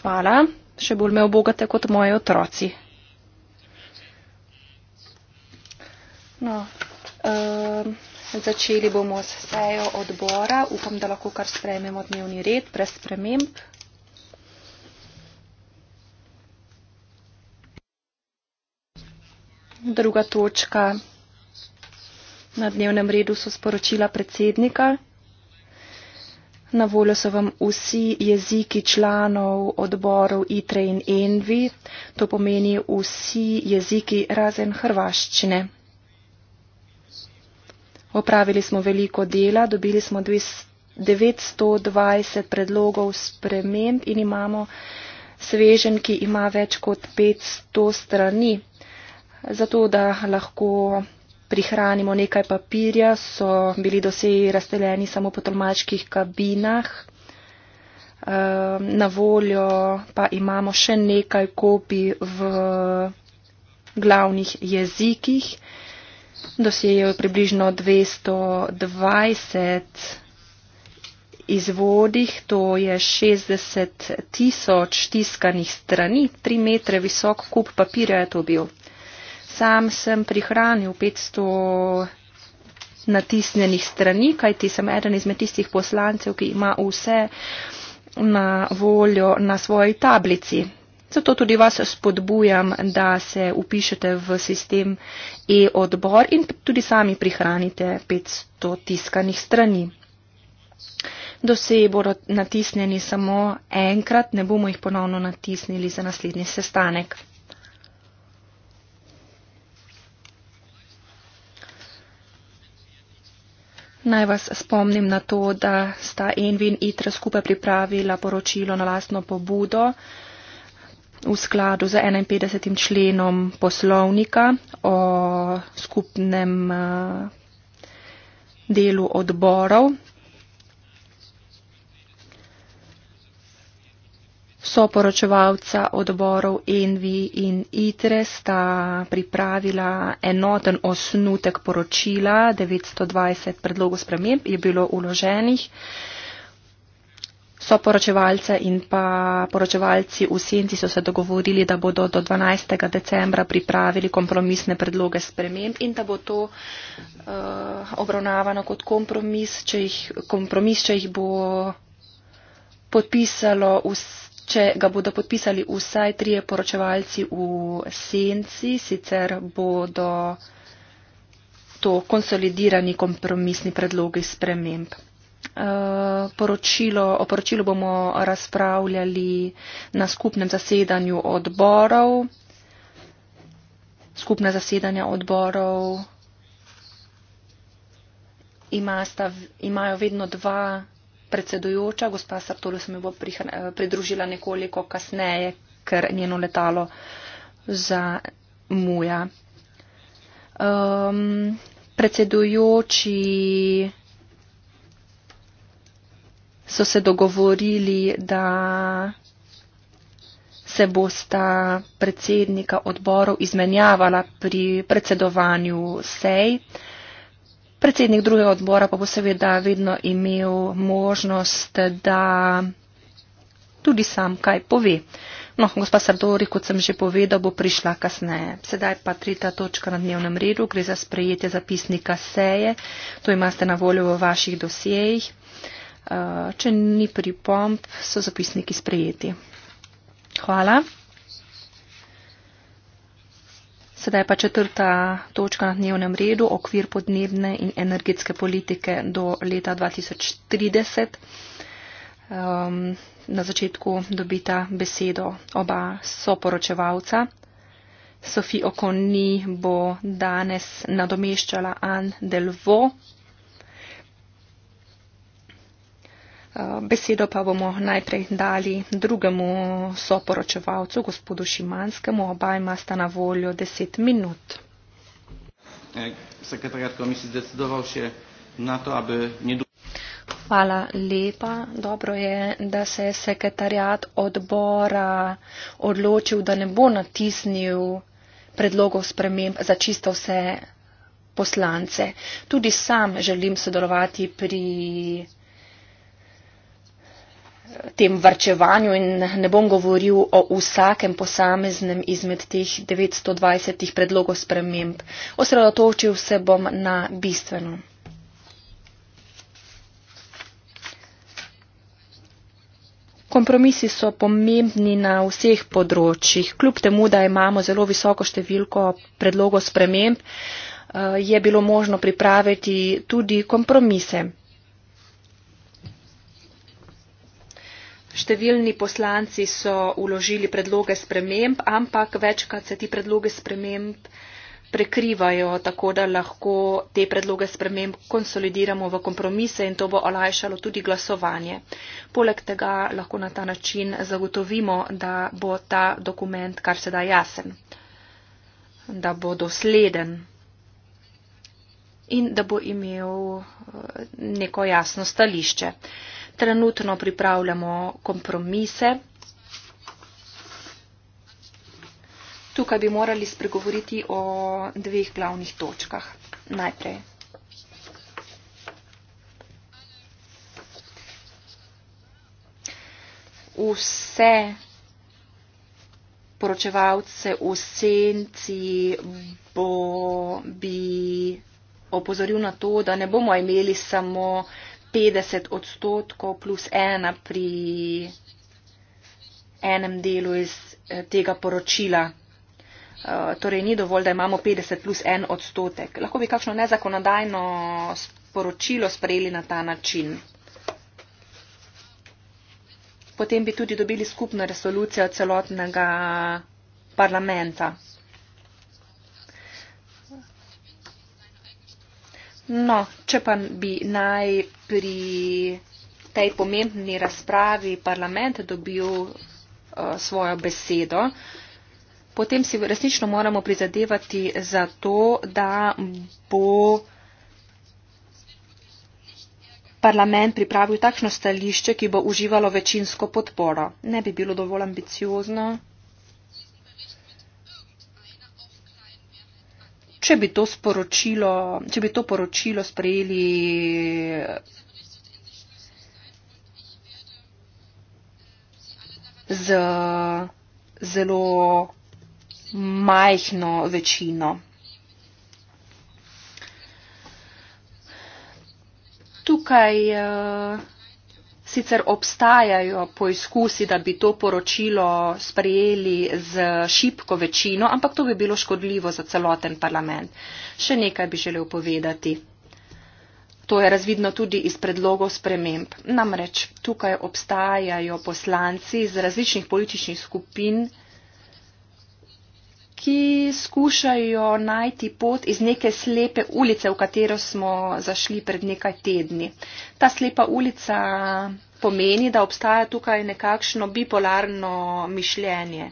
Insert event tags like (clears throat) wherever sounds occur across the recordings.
Hvala. Še bolj me obogate kot moji otroci. No, uh, začeli bomo s sejo odbora. Upam, da lahko kar sprejmemo dnevni red, brez sprememb. Druga točka na dnevnem redu so sporočila predsednika. Na voljo so vam vsi jeziki članov odborov ITRE in ENVI, to pomeni vsi jeziki razen hrvaščine. Opravili smo veliko dela, dobili smo 920 predlogov sprememb in imamo svežen, ki ima več kot 500 strani, zato da lahko prihranimo nekaj papirja, so bili dosej razdeljeni samo po tolmačkih kabinah. Ehm, na voljo pa imamo še nekaj kopij v glavnih jezikih. Dosejo je približno 220 izvodih, to je 60 tisoč tiskanih strani, 3 metre visok kup papirja je to bil. Sam sem prihranil 500 natisnjenih strani, kajti sem eden izmed tistih poslancev, ki ima vse na voljo na svoji tablici. Zato tudi vas spodbujam, da se upišete v sistem e-odbor in tudi sami prihranite 500 tiskanih strani. Dosej bodo natisnjeni samo enkrat, ne bomo jih ponovno natisnili za naslednji sestanek. Naj vas spomnim na to, da sta Envi in Itra skupaj pripravila poročilo na lastno pobudo v skladu z 51. členom poslovnika o skupnem eh, delu odborov, soporočevalca odborov Envi in ITRE sta pripravila enoten osnutek poročila, 920 predlogov sprememb je bilo uloženih. Soporočevalce in pa poročevalci v Senci so se dogovorili, da bodo do 12. decembra pripravili kompromisne predloge sprememb in da bo to uh, obravnavano kot kompromis, če jih, kompromis, če jih bo podpisalo vse če ga bodo podpisali vsaj trije poročevalci v senci, sicer bodo to konsolidirani kompromisni predlogi sprememb. Eh, poročilo, o poročilu bomo razpravljali na skupnem zasedanju odborov. Skupna zasedanja odborov ima sta, imajo vedno dva predsedujoča, gospa Sartolo se mi bo eh, pridružila nekoliko kasneje, ker njeno letalo za muja. Um, ehm, predsedujoči so se dogovorili, da se bosta predsednika odborov izmenjavala pri predsedovanju sej. Uh, Predsednik drugega odbora pa bo seveda vedno imel možnost, da tudi sam kaj pove. No, gospa Sardori, kot sem že povedal, bo prišla kasneje. Sedaj pa tretja točka na dnevnem redu, gre za sprejetje zapisnika seje. To imate na voljo v vaših dosjejih. Eh, če ni pripomp, so zapisniki sprejeti. Hvala. Sedaj pa četrta točka na dnevnem redu, okvir podnebne in energetske politike do leta 2030. Um, ehm, na začetku dobita besedo oba soporočevalca. Sofi Okoni bo danes nadomeščala Anne Delvaux. Besedo pa bomo najprej dali drugemu soporočevalcu, gospodu Šimanskemu. Oba ima sta na voljo deset minut. Eh, sekretariat komisije zdecidoval še na to, aby ne Hvala lepa. Dobro je, da se je sekretarjat odbora odločil, da ne bo natisnil predlogov sprememb za čisto vse poslance. Tudi sam želim sodelovati pri tem vrčevanju in ne bom govoril o vsakem posameznem izmed teh 920 predlogov sprememb. Osredotočil se bom na bistveno. Kompromisi so pomembni na vseh področjih. Kljub temu, da imamo zelo visoko številko predlogov sprememb, eh, je bilo možno pripraviti tudi kompromise. Številni poslanci so uložili predloge sprememb, ampak večkrat se ti predloge sprememb prekrivajo, tako da lahko te predloge sprememb konsolidiramo v kompromise in to bo olajšalo tudi glasovanje. Poleg tega lahko na ta način zagotovimo, da bo ta dokument kar se da jasen, da bo dosleden in da bo imel eh, neko jasno stališče. Trenutno pripravljamo kompromise. Tukaj bi morali spregovoriti o dveh glavnih točkah. Najprej. Vse poročevalce v senci bo, bi opozoril na to, da ne bomo imeli samo 50 odstotkov plus ena pri enem delu iz eh, tega poročila. Eh, torej ni dovolj, da imamo 50 plus en odstotek. Lahko bi kakšno nezakonodajno poročilo sprejeli na ta način. Potem bi tudi dobili skupno resolucijo celotnega parlamenta. No, če pa bi naj pri tej pomembni razpravi parlament dobil uh, svojo besedo, potem si resnično moramo prizadevati za to, da bo parlament pripravil takšno stališče, ki bo uživalo večinsko podporo. Ne bi bilo dovolj ambiciozno. če bi to sporočilo, če bi to poročilo sprejeli. z zelo majhno večino. Tukaj uh, Sicer obstajajo poizkusi, da bi to poročilo sprejeli z šipko večino, ampak to bi bilo škodljivo za celoten parlament. Še nekaj bi želel povedati. To je razvidno tudi iz predlogov sprememb. Namreč tukaj obstajajo poslanci iz različnih političnih skupin, ki skušajo najti pot iz neke slepe ulice, v katero smo zašli pred nekaj tedni. Ta slepa ulica pomeni, da obstaja tukaj nekakšno bipolarno mišljenje.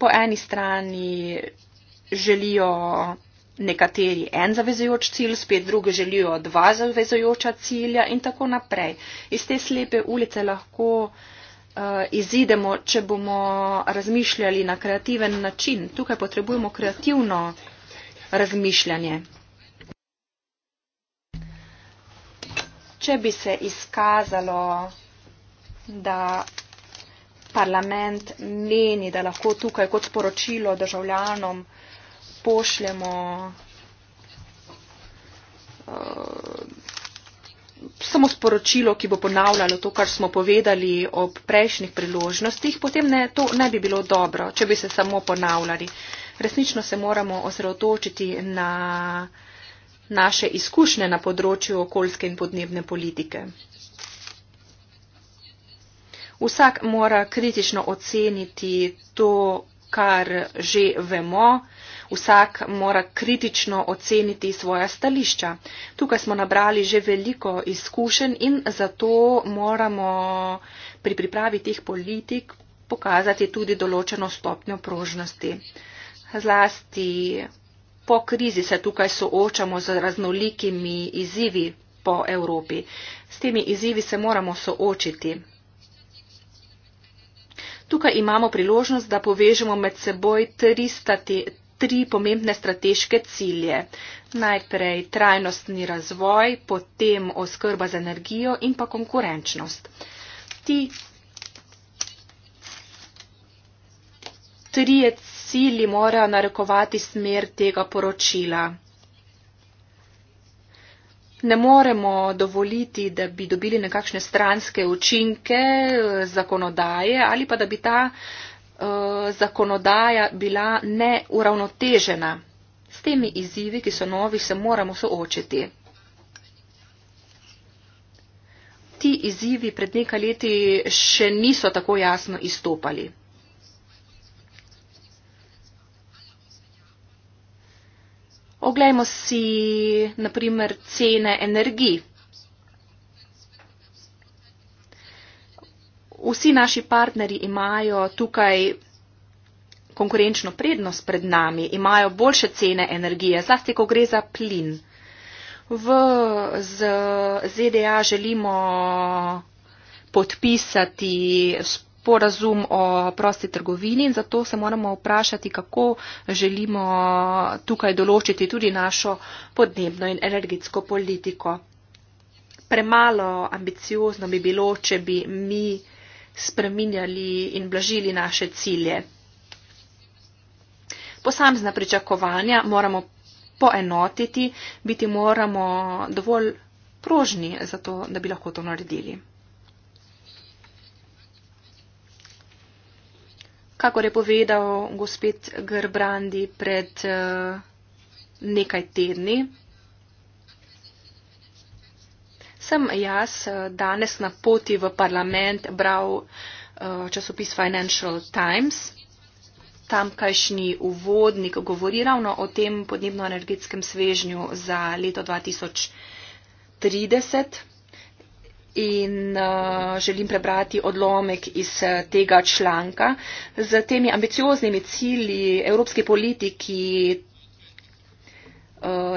Po eni strani želijo nekateri en zavezojoč cilj, spet drugi želijo dva zavezojoča cilja in tako naprej. Iz te slepe ulice lahko Eh, izidemo, če bomo razmišljali na kreativen način. Tukaj potrebujemo kreativno razmišljanje. Če bi se izkazalo, da parlament meni, da lahko tukaj kot sporočilo državljanom pošljemo eh, samo sporočilo, ki bo ponavljalo to, kar smo povedali ob prejšnjih priložnostih, potem ne, to ne bi bilo dobro, če bi se samo ponavljali. Resnično se moramo osredotočiti na naše izkušnje na področju okoljske in podnebne politike. Vsak mora kritično oceniti to, kar že vemo. Vsak mora kritično oceniti svoja stališča. Tukaj smo nabrali že veliko izkušenj in zato moramo pri pripravi teh politik pokazati tudi določeno stopnjo prožnosti. Zlasti po krizi se tukaj soočamo z raznolikimi izzivi po Evropi. S temi izzivi se moramo soočiti. Tukaj imamo priložnost, da povežemo med seboj 300, tri pomembne strateške cilje. Najprej trajnostni razvoj, potem oskrba z energijo in pa konkurenčnost. Ti trije cilji morajo narekovati smer tega poročila. Ne moremo dovoliti, da bi dobili nekakšne stranske učinke eh, zakonodaje ali pa da bi ta Eh, zakonodaja bila neuravnotežena. S temi izzivi, ki so novi, se moramo soočiti. Ti izzivi pred nekaj leti še niso tako jasno izstopali. Oglejmo si, naprimer, cene energiji. vsi naši partneri imajo tukaj konkurenčno prednost pred nami, imajo boljše cene energije, zlasti ko gre za plin. V ZDA želimo podpisati sporazum o prosti trgovini in zato se moramo vprašati, kako želimo tukaj določiti tudi našo podnebno in energetsko politiko. Premalo ambiciozno bi bilo, če bi mi spreminjali in blažili naše cilje. Posamezna pričakovanja moramo poenotiti, biti moramo dovolj prožni za to, da bi lahko to naredili. Kakor je povedal gospod Grbrandi pred eh, nekaj tedni, sem jaz eh, danes na poti v parlament bral eh, časopis Financial Times. Tamkajšnji uvodnik govori ravno o tem podnebno-energetskem svežnju za leto 2030. In uh, želim prebrati odlomek iz tega članka. Z temi ambicioznimi cilji evropske politiki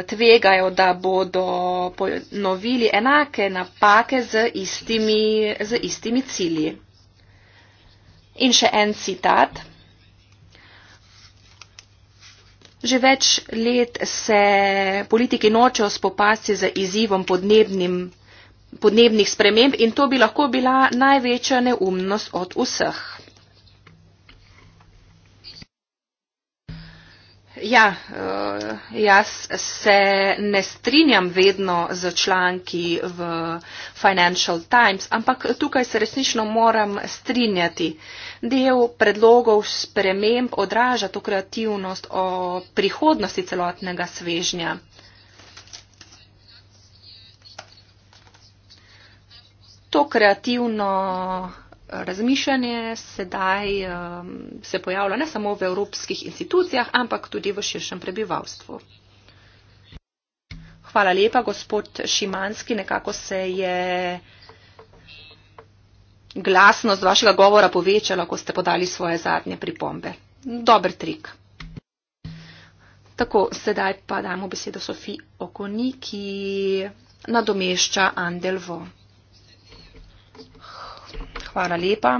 tvegajo, da bodo ponovili enake napake z istimi, z istimi cilji. In še en citat. Že več let se politiki nočejo spopasti z izzivom podnebnim, podnebnih sprememb in to bi lahko bila največja neumnost od vseh. ja, eh, jaz se ne strinjam vedno z članki v Financial Times, ampak tukaj se resnično moram strinjati. Del predlogov sprememb odraža to kreativnost o prihodnosti celotnega svežnja. To kreativno razmišljanje sedaj um, se pojavlja ne samo v evropskih institucijah, ampak tudi v širšem prebivalstvu. Hvala lepa, gospod Šimanski. Nekako se je glasnost vašega govora povečala, ko ste podali svoje zadnje pripombe. Dober trik. Tako, sedaj pa dajmo besedo Sofiji Okoni, ki nadomešča Andelvo. Hvala lepa.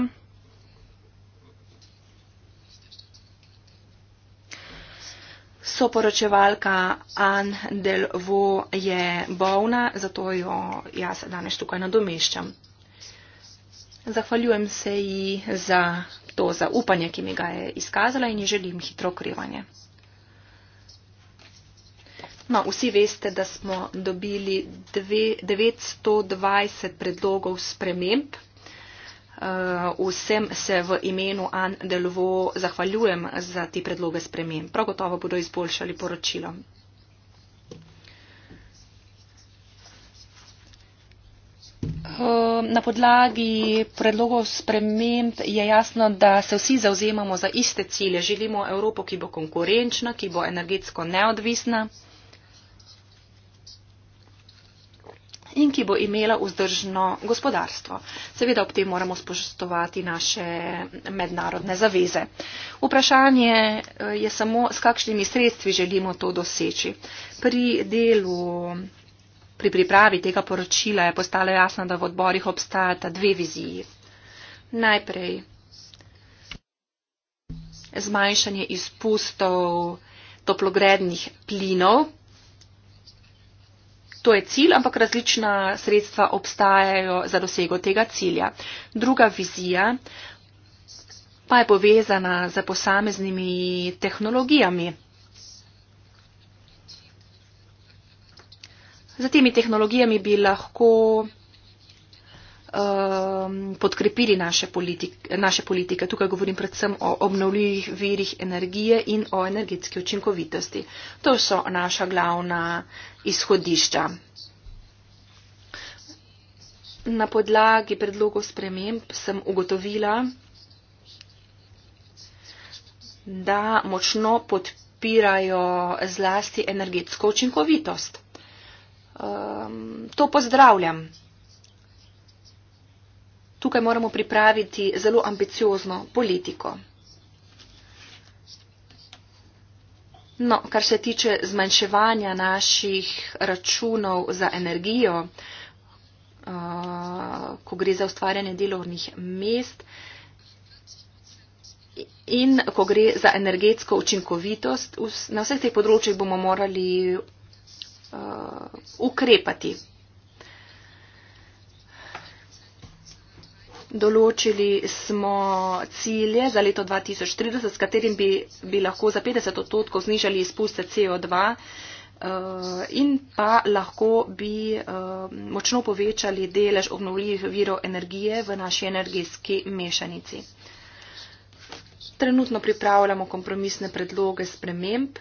Soporočevalka Anne Delvo je bolna, zato jo jaz danes tukaj nadomeščam. Zahvaljujem se ji za to zaupanje, ki mi ga je izkazala in ji želim hitro okrevanje. No, vsi veste, da smo dobili dve, 920 predlogov sprememb Eh, vsem se v imenu An Delvo zahvaljujem za te predloge spremem. Prav gotovo bodo izboljšali poročilo. Eh, na podlagi predlogov sprememb je jasno, da se vsi zauzemamo za iste cilje. Želimo Evropo, ki bo konkurenčna, ki bo energetsko neodvisna. in ki bo imela vzdržno gospodarstvo. Seveda ob tem moramo spoštovati naše mednarodne zaveze. Vprašanje eh, je samo, s kakšnimi sredstvi želimo to doseči. Pri delu. Pri pripravi tega poročila je postalo jasno, da v odborih obstajata dve viziji. Najprej zmanjšanje izpustov toplogrednih plinov To je cilj, ampak različna sredstva obstajajo za dosego tega cilja. Druga vizija pa je povezana z posameznimi tehnologijami. Za temi tehnologijami bi lahko um, podkrepili naše, politik, naše politike. Tukaj govorim predvsem o obnovljivih virih energije in o energetski učinkovitosti. To so naša glavna izhodišča. Na podlagi predlogov sprememb sem ugotovila, da močno podpirajo zlasti energetsko učinkovitost. Um, to pozdravljam. Tukaj moramo pripraviti zelo ambiciozno politiko. No, kar se tiče zmanjševanja naših računov za energijo, uh, ko gre za ustvarjanje delovnih mest in ko gre za energetsko učinkovitost, na vseh teh področjih bomo morali uh, ukrepati. Določili smo cilje za leto 2030, s katerim bi, bi lahko za 50 odstotkov znižali izpuste CO2 eh, in pa lahko bi eh, močno povečali delež obnovljivih virov energije v naši energetski mešanici. Trenutno pripravljamo kompromisne predloge sprememb.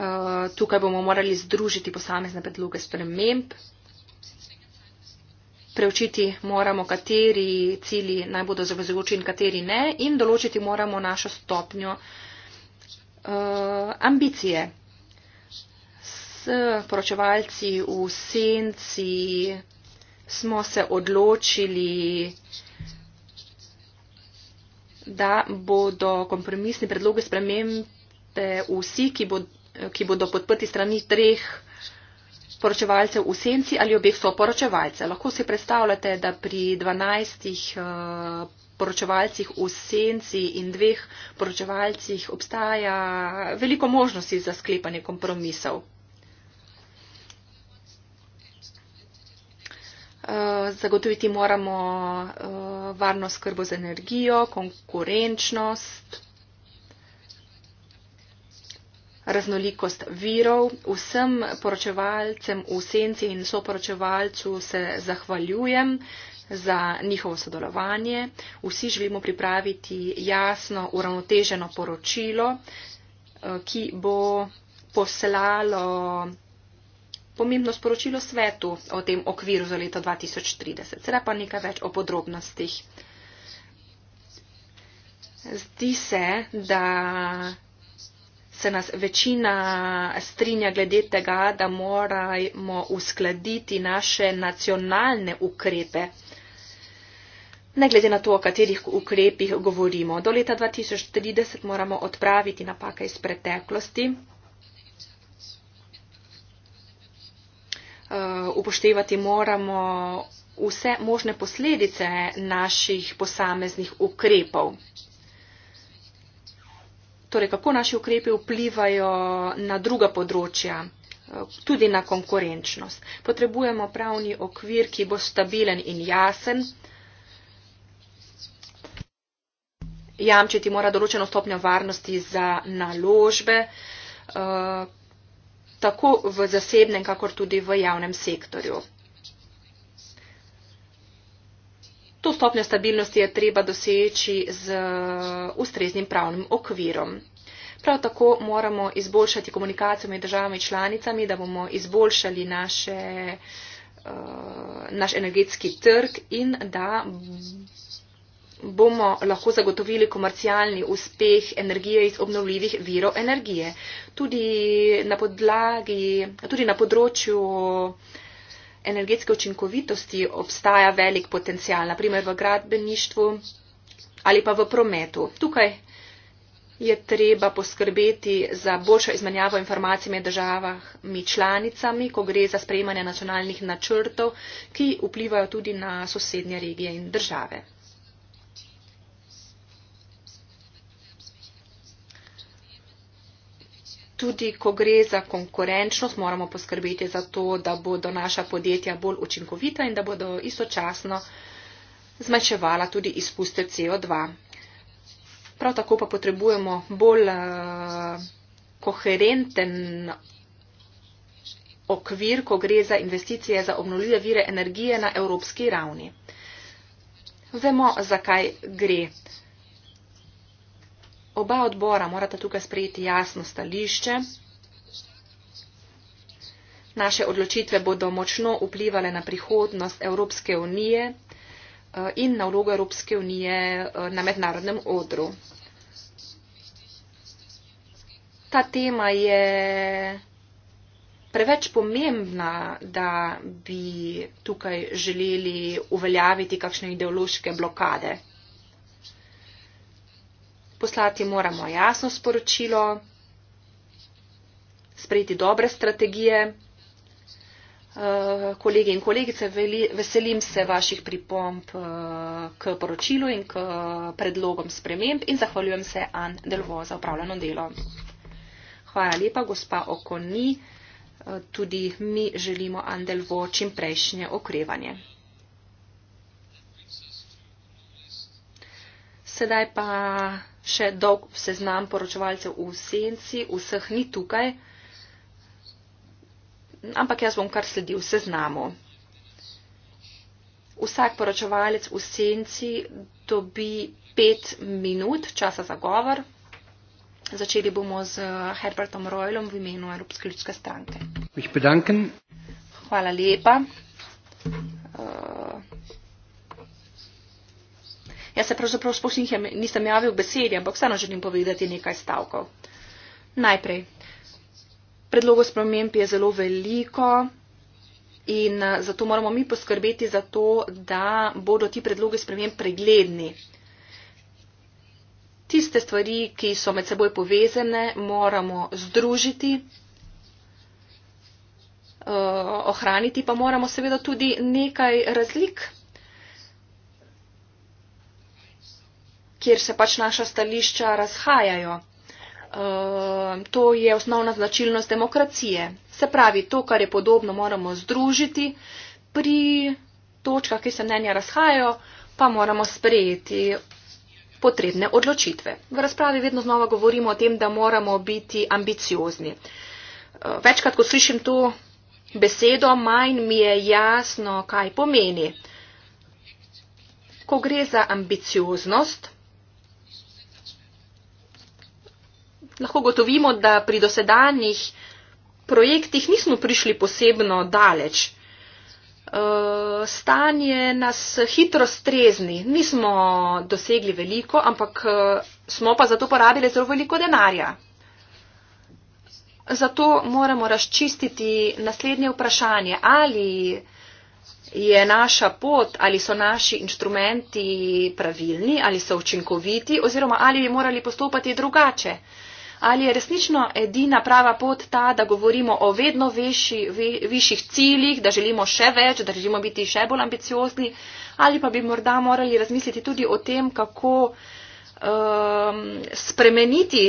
Eh, tukaj bomo morali združiti posamezne predloge sprememb. Preučiti moramo, kateri cilji naj bodo zavezujoči in kateri ne in določiti moramo našo stopnjo uh, ambicije. S poročevalci v senci smo se odločili, da bodo kompromisni predloge spremembe vsi, ki bodo ki bodo podprti strani treh poročevalcev v senci ali obeh so poročevalce. Lahko si predstavljate, da pri dvanajstih eh, poročevalcih v senci in dveh poročevalcih obstaja veliko možnosti za sklepanje kompromisov. Eh, zagotoviti moramo eh, varno skrbo z energijo, konkurenčnost raznolikost virov. Vsem poročevalcem v senci in soporočevalcu se zahvaljujem za njihovo sodelovanje. Vsi želimo pripraviti jasno, uravnoteženo poročilo, eh, ki bo poslalo pomembno sporočilo svetu o tem okviru za leto 2030. Sedaj pa nekaj več o podrobnostih. Zdi se, da se nas večina strinja glede tega, da moramo uskladiti naše nacionalne ukrepe. Ne glede na to, o katerih ukrepih govorimo. Do leta 2030 moramo odpraviti napake iz preteklosti, eh, upoštevati moramo vse možne posledice naših posameznih ukrepov torej kako naši ukrepi vplivajo na druga področja, eh, tudi na konkurenčnost. Potrebujemo pravni okvir, ki bo stabilen in jasen. Jamčiti mora določeno stopnjo varnosti za naložbe, eh, tako v zasebnem, kakor tudi v javnem sektorju. To stopnjo stabilnosti je treba doseči z eh, ustreznim pravnim okvirom. Prav tako moramo izboljšati komunikacijo med državami članicami, da bomo izboljšali naše, eh, naš energetski trg in da bomo lahko zagotovili komercialni uspeh energije iz obnovljivih virov energije. Tudi na, podlagi, tudi na področju energetske učinkovitosti obstaja velik potencial, naprimer v gradbeništvu ali pa v prometu. Tukaj je treba poskrbeti za boljšo izmenjavo informacij med državami članicami, ko gre za sprejemanje nacionalnih načrtov, ki vplivajo tudi na sosednje regije in države. tudi ko gre za konkurenčnost, moramo poskrbeti za to, da bodo naša podjetja bolj učinkovita in da bodo istočasno zmanjševala tudi izpuste CO2. Prav tako pa potrebujemo bolj uh, koherenten okvir, ko gre za investicije za obnovljive vire energije na evropski ravni. Vemo, zakaj gre. Uh, oba odbora morata tukaj sprejeti jasno stališče. Naše odločitve bodo močno vplivale na prihodnost Evropske unije eh, in na vlogo Evropske unije eh, na mednarodnem odru. Ta tema je preveč pomembna, da bi tukaj želeli uveljaviti kakšne ideološke blokade poslati moramo jasno sporočilo, sprejeti dobre strategije. Eh, kolegi in kolegice, veselim se vaših pripomb eh, k poročilu in k predlogom sprememb in zahvaljujem se An Delvo za upravljeno delo. Hvala lepa, gospa Okoni. Eh, tudi mi želimo An Delvo čim prejšnje okrevanje. Sedaj pa še dolg seznam poročevalcev v senci, vseh ni tukaj, ampak jaz bom kar sledil seznamu. Vsak poročevalec v senci dobi pet minut časa za govor. Začeli bomo z Herbertom Royalom v imenu Evropske ljudske stranke. Hvala lepa. Uh, Jaz se pravzaprav spošnih nisem javil besedi, ampak vseeno želim povedati nekaj stavkov. Najprej. Predlogo sprememb je zelo veliko in eh, zato moramo mi poskrbeti za to, da bodo ti predlogi sprememb pregledni. Tiste stvari, ki so med seboj povezane, moramo združiti, eh, ohraniti pa moramo seveda tudi nekaj razlik kjer se pač naša stališča razhajajo. Ehm, to je osnovna značilnost demokracije. Se pravi, to, kar je podobno, moramo združiti pri točkah, ki se mnenja razhajajo, pa moramo sprejeti potrebne odločitve. V razpravi vedno znova govorimo o tem, da moramo biti ambiciozni. Ehm, večkrat, ko slišim to besedo, manj mi je jasno, kaj pomeni. Ko gre za ambicioznost, lahko gotovimo, da pri dosedanjih projektih nismo prišli posebno daleč. Eh, stanje nas hitro strezni, nismo dosegli veliko, ampak eh, smo pa zato porabili zelo veliko denarja. Zato moramo razčistiti naslednje vprašanje, ali je naša pot, ali so naši inštrumenti pravilni, ali so učinkoviti, oziroma ali bi morali postopati drugače. Uh, Ali je resnično edina prava pot ta, da govorimo o vedno viši, vi, višjih ciljih, da želimo še več, da želimo biti še bolj ambiciozni, ali pa bi morda morali razmisliti tudi o tem, kako um, spremeniti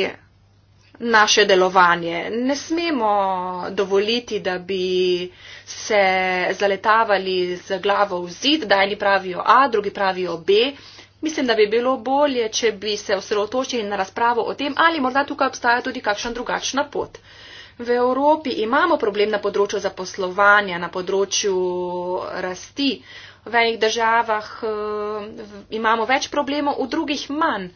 naše delovanje. Ne smemo dovoliti, da bi se zaletavali z glavo v zid, da eni pravijo A, drugi pravijo B, Mislim, da bi bilo bolje, če bi se osredotočili na razpravo o tem, ali morda tukaj obstaja tudi kakšna drugačna pot. V Evropi imamo problem na področju zaposlovanja, na področju eh, rasti. V enih državah uh, imamo več problemov, v drugih manj.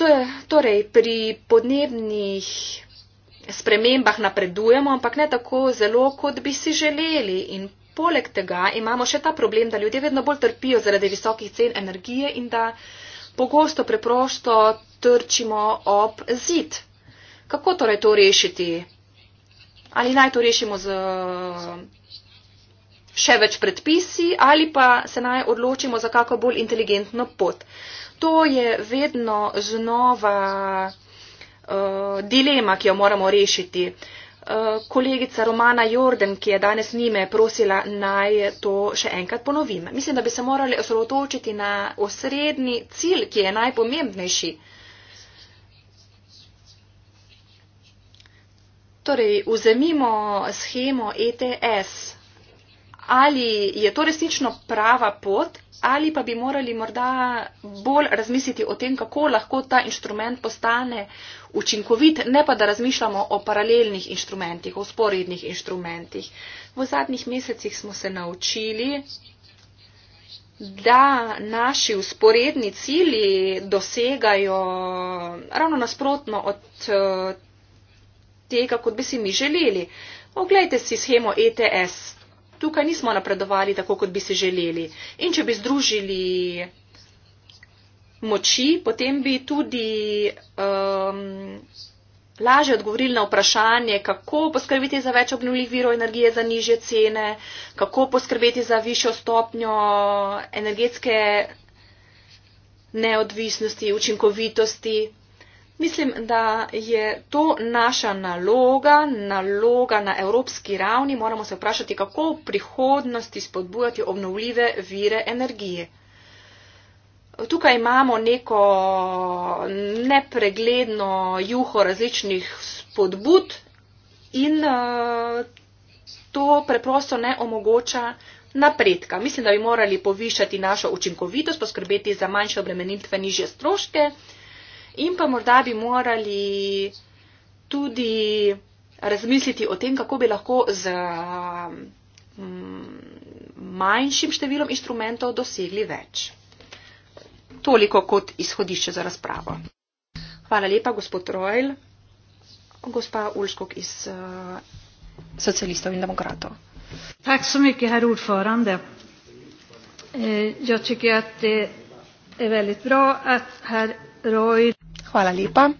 To je, torej, pri podnebnih spremembah napredujemo, ampak ne tako zelo, kot bi si želeli. In Poleg tega imamo še ta problem, da ljudje vedno bolj trpijo zaradi visokih cen energije in da pogosto preprosto trčimo ob zid. Kako torej to rešiti? Ali naj to rešimo z še več predpisi ali pa se naj odločimo za kako bolj inteligentno pot? To je vedno znova uh, dilema, ki jo moramo rešiti. Uh, Eh, kolegica Romana Jordan, ki je danes njime prosila, naj to še enkrat ponovim. Mislim, da bi se morali osredotočiti na osrednji cilj, ki je najpomembnejši. Torej, vzemimo schemo ETS ali je to resnično prava pot, ali pa bi morali morda bolj razmisliti o tem, kako lahko ta inštrument postane učinkovit, ne pa da razmišljamo o paralelnih inštrumentih, o sporednih inštrumentih. V zadnjih mesecih smo se naučili, da naši usporedni cili dosegajo ravno nasprotno od eh, tega, kot bi si mi želeli. Oglejte si schemo ETS tukaj nismo napredovali tako, kot bi si želeli. In če bi združili moči, potem bi tudi um, lažje odgovorili na vprašanje, kako poskrbeti za več obnovljivih virov energije za nižje cene, kako poskrbeti za višjo stopnjo energetske neodvisnosti, učinkovitosti. Mislim, da je to naša naloga, naloga na evropski ravni. Moramo se vprašati, kako v prihodnosti spodbujati obnovljive vire energije. Tukaj imamo neko nepregledno juho različnih spodbud in eh, to preprosto ne omogoča napredka. Mislim, da bi morali povišati našo učinkovitost, poskrbeti za manjše obremenitve, nižje stroške in pa morda bi morali tudi razmisliti o tem, kako bi lahko z mm, manjšim številom inštrumentov dosegli več. Toliko kot izhodišče za razpravo. Hvala lepa, gospod Rojl, gospa Ulskog iz uh, socialistov in demokratov. Tak so mi, ki je rud forande. Eh, jaz čekam, da je veliko prav, da je Rojl. Hvala lepa.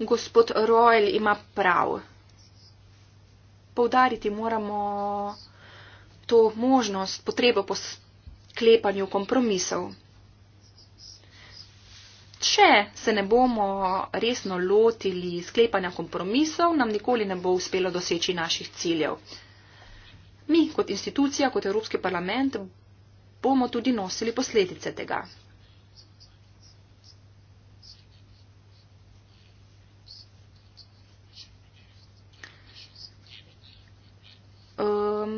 Gospod Royal ima prav. Poudariti moramo to možnost, potrebo po sklepanju kompromisov. Če se ne bomo resno lotili sklepanja kompromisov, nam nikoli ne bo uspelo doseči naših ciljev. Mi, kot institucija, kot Evropski parlament, bomo tudi nosili posledice tega. Um,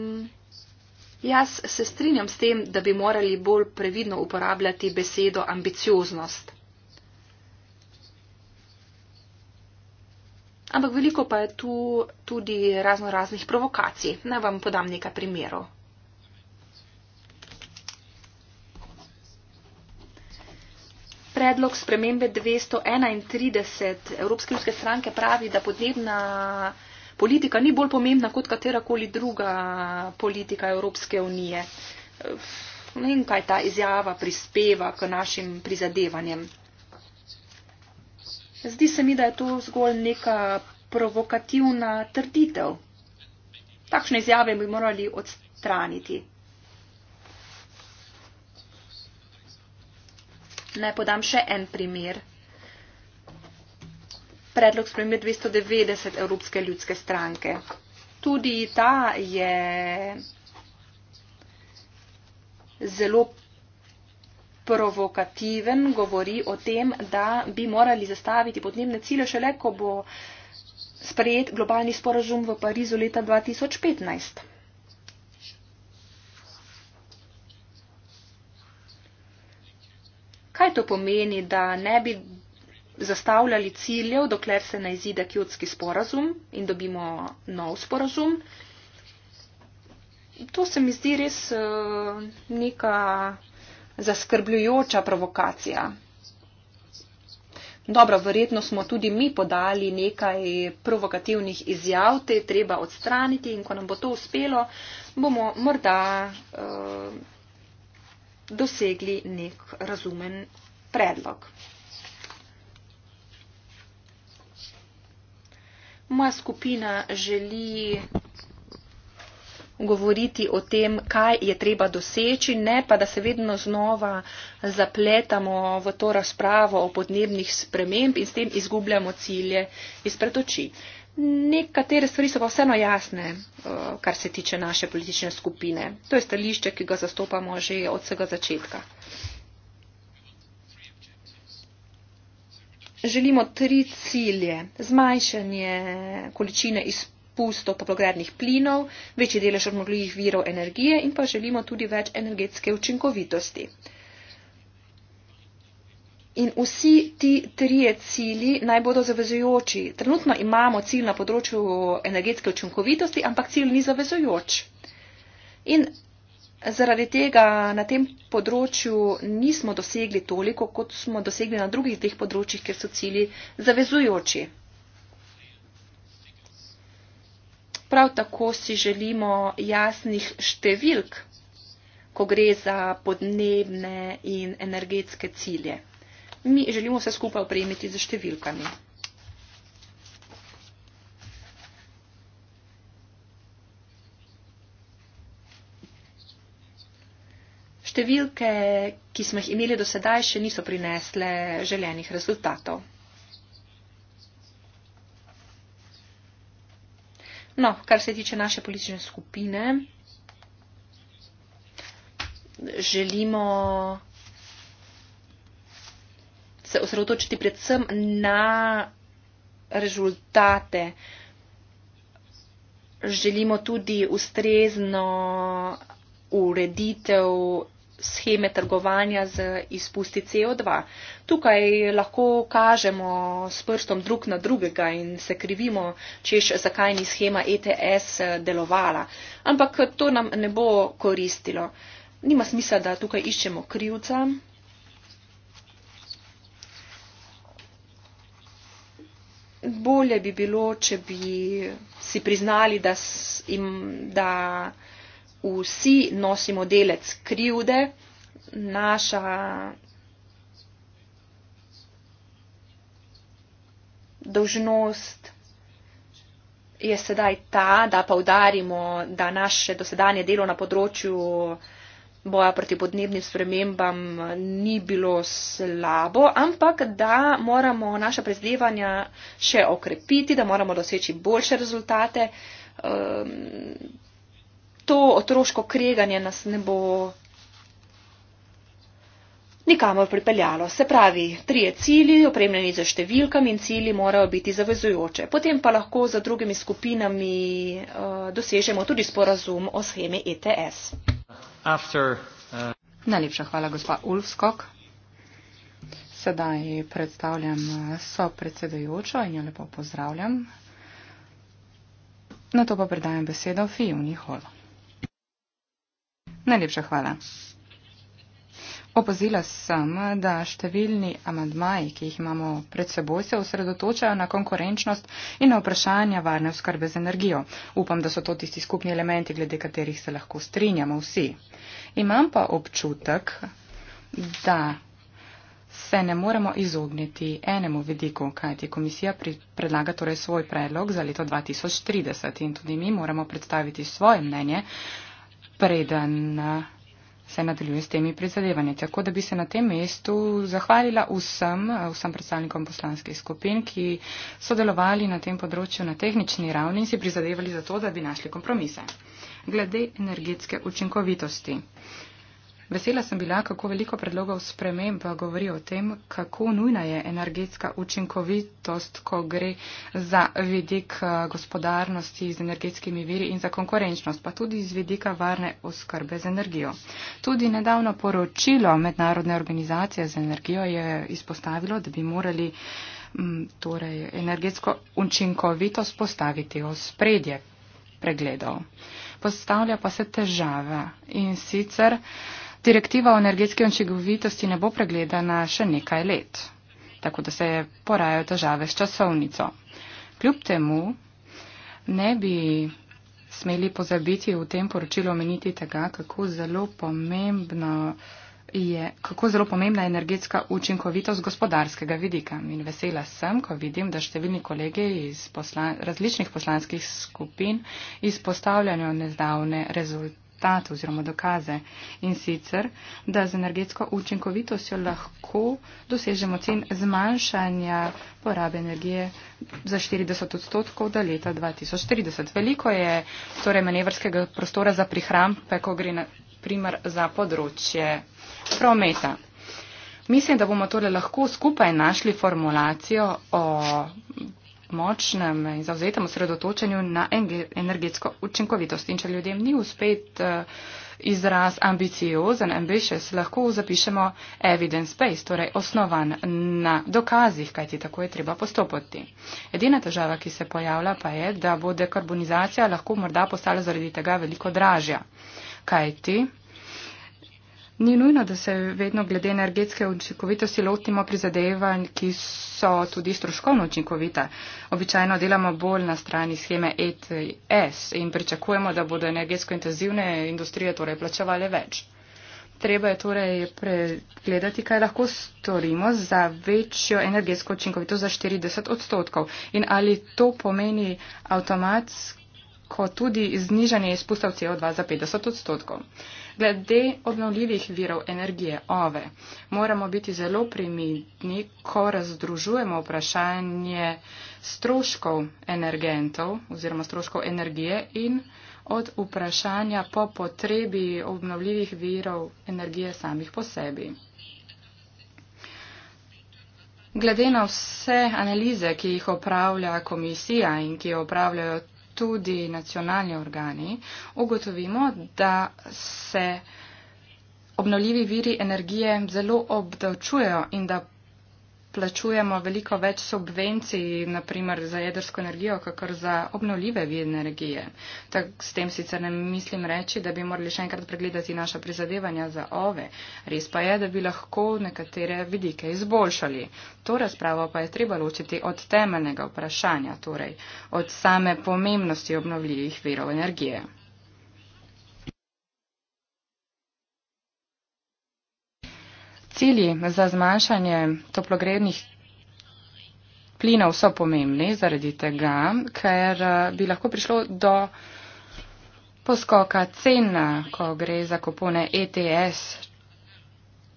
jaz se strinjam s tem, da bi morali bolj previdno uporabljati besedo ambicioznost. ampak veliko pa je tu tudi razno raznih provokacij. Naj vam podam nekaj primerov. Predlog spremembe 231 Evropske ljudske stranke pravi, da podnebna politika ni bolj pomembna kot katerakoli druga politika Evropske unije. Ne vem, kaj ta izjava prispeva k našim prizadevanjem. Zdi se mi, da je to zgolj neka provokativna trditev. Takšne izjave bi morali odstraniti. Naj podam še en primer. Predlog spremembe 290 Evropske ljudske stranke. Tudi ta je zelo provokativen, govori o tem, da bi morali zastaviti podnebne cilje šele, ko bo sprejet globalni sporazum v Parizu leta 2015. Kaj to pomeni, da ne bi zastavljali ciljev, dokler se ne izide kjotski sporazum in dobimo nov sporazum? To se mi zdi res eh, neka zaskrbljujoča provokacija. Dobro, verjetno smo tudi mi podali nekaj provokativnih izjav, te treba odstraniti in ko nam bo to uspelo, bomo morda eh, dosegli nek razumen predlog. Moja skupina želi govoriti o tem, kaj je treba doseči, ne pa da se vedno znova zapletamo v to razpravo o podnebnih sprememb in s tem izgubljamo cilje izpred oči. Nekatere stvari so pa vseeno jasne, eh, kar se tiče naše politične skupine. To je stališče, ki ga zastopamo že od vsega začetka. Želimo tri cilje. Zmanjšanje količine izpustov izpustov toplogrednih plinov, večji delež obnovljivih virov energije in pa želimo tudi več energetske učinkovitosti. In vsi ti trije cilji naj bodo zavezujoči. Trenutno imamo cilj na področju energetske učinkovitosti, ampak cilj ni zavezujoč. In zaradi tega na tem področju nismo dosegli toliko, kot smo dosegli na drugih teh področjih, kjer so cilji zavezujoči. prav tako si želimo jasnih številk, ko gre za podnebne in energetske cilje. Mi želimo vse skupaj opremiti z številkami. Številke, ki smo jih imeli do sedaj, še niso prinesle želenih rezultatov. No, kar se tiče naše politične skupine, želimo se osredotočiti predvsem na rezultate. Želimo tudi ustrezno ureditev scheme trgovanja z izpusti CO2. Tukaj lahko kažemo s prstom drug na drugega in se krivimo, češ zakaj ni schema ETS eh, delovala. Ampak to nam ne bo koristilo. Nima smisla, da tukaj iščemo krivca. Bolje bi bilo, če bi si priznali, da, im, da vsi nosimo delec krivde, naša dožnost je sedaj ta, da pa udarimo, da naše dosedanje delo na področju boja proti podnebnim spremembam ni bilo slabo, ampak da moramo naša prezdevanja še okrepiti, da moramo doseči boljše rezultate. Um, to otroško kreganje nas ne bo nikamor pripeljalo. Se pravi, trije cilji, opremljeni za številkami in cilji morajo biti zavezujoče. Potem pa lahko za drugimi skupinami uh, dosežemo tudi sporazum o schemi ETS. After, uh... Najlepša hvala, gospa Ulfskog. Sedaj predstavljam eh, so predsedojočo in jo lepo pozdravljam. Na to pa predajam besedo Fiju Niholu. Najlepša hvala. Opozila sem, da številni amadmaji, ki jih imamo pred seboj, se osredotočajo na konkurenčnost in na vprašanja varne oskrbe z energijo. Upam, da so to tisti skupni elementi, glede katerih se lahko strinjamo vsi. Imam pa občutek, da se ne moremo izogniti enemu vidiku, kajti komisija predlaga torej svoj predlog za leto 2030 in tudi mi moramo predstaviti svoje mnenje preden eh, se nadaljuje s temi prizadevanji. Tako da bi se na tem mestu zahvalila vsem, eh, vsem predstavnikom poslanskih skupin, ki so delovali na tem področju na tehnični ravni in si prizadevali za to, da bi našli kompromise. Glede energetske učinkovitosti. Vesela sem bila, kako veliko predlogov sprememb govori o tem, kako nujna je energetska učinkovitost, ko gre za vidik eh, gospodarnosti z energetskimi viri in za konkurenčnost, pa tudi z vidika varne oskrbe z energijo. Tudi nedavno poročilo Mednarodne organizacije za energijo je izpostavilo, da bi morali mm, torej, energetsko učinkovitost postaviti v spredje pregledov. Postavlja pa se težava in sicer Direktiva o energetski očegovitosti ne bo pregledana še nekaj let, tako da se porajajo težave s časovnico. Kljub temu ne bi smeli pozabiti v tem poročilu omeniti tega, kako zelo pomembno je, kako zelo pomembna je energetska učinkovitost gospodarskega vidika. In vesela sem, ko vidim, da številni kolege iz poslan, različnih poslanskih skupin izpostavljajo nedavne rezultate rezultate oziroma dokaze. In sicer, da z energetsko učinkovitostjo lahko dosežemo cen zmanjšanja porabe energije za 40 odstotkov do leta 2030. Veliko je torej manevrskega prostora za prihrampe, ko gre na primer za področje prometa. Mislim, da bomo torej lahko skupaj našli formulacijo o močnem in zauzetem osredotočenju na energetsko učinkovitost. In če ljudem ni uspet eh, izraz ambiciozen, ambitious, lahko zapišemo evidence-based, torej osnovan na dokazih, kajti tako je treba postopati. Edina težava, ki se pojavlja, pa je, da bo dekarbonizacija lahko morda postala zaradi tega veliko dražja. Kajti ni nujno, da se vedno glede energetske učinkovitosti lotimo prizadevanj, ki so tudi stroškovno učinkovita. Običajno delamo bolj na strani scheme ETS in pričakujemo, da bodo energetsko intenzivne industrije torej plačevale več. Treba je torej pregledati, kaj lahko storimo za večjo energetsko učinkovitost za 40 odstotkov in ali to pomeni avtomatsko tudi znižanje izpustov CO2 za 50 odstotkov. Glede obnovljivih virov energije ove moramo biti zelo primitni, ko razdružujemo vprašanje stroškov energentov oziroma stroškov energije in od vprašanja po potrebi obnovljivih virov energije samih po sebi. Glede na vse analize, ki jih opravlja komisija in ki jo opravljajo tudi nacionalni organi, ugotovimo, da se obnovljivi viri energije zelo obdavčujejo in da plačujemo veliko več subvencij, naprimer za jedrsko energijo, kakor za obnovljive vire energije. Tak, s tem sicer ne mislim reči, da bi morali še enkrat pregledati naša prizadevanja za ove. Res pa je, da bi lahko nekatere vidike izboljšali. To razpravo pa je treba ločiti od temeljnega vprašanja, torej od same pomembnosti obnovljivih virov energije. Cilji za zmanjšanje toplogrednih plinov so pomembni zaradi tega, ker eh, bi lahko prišlo do poskoka cen, ko gre za kupone ETS,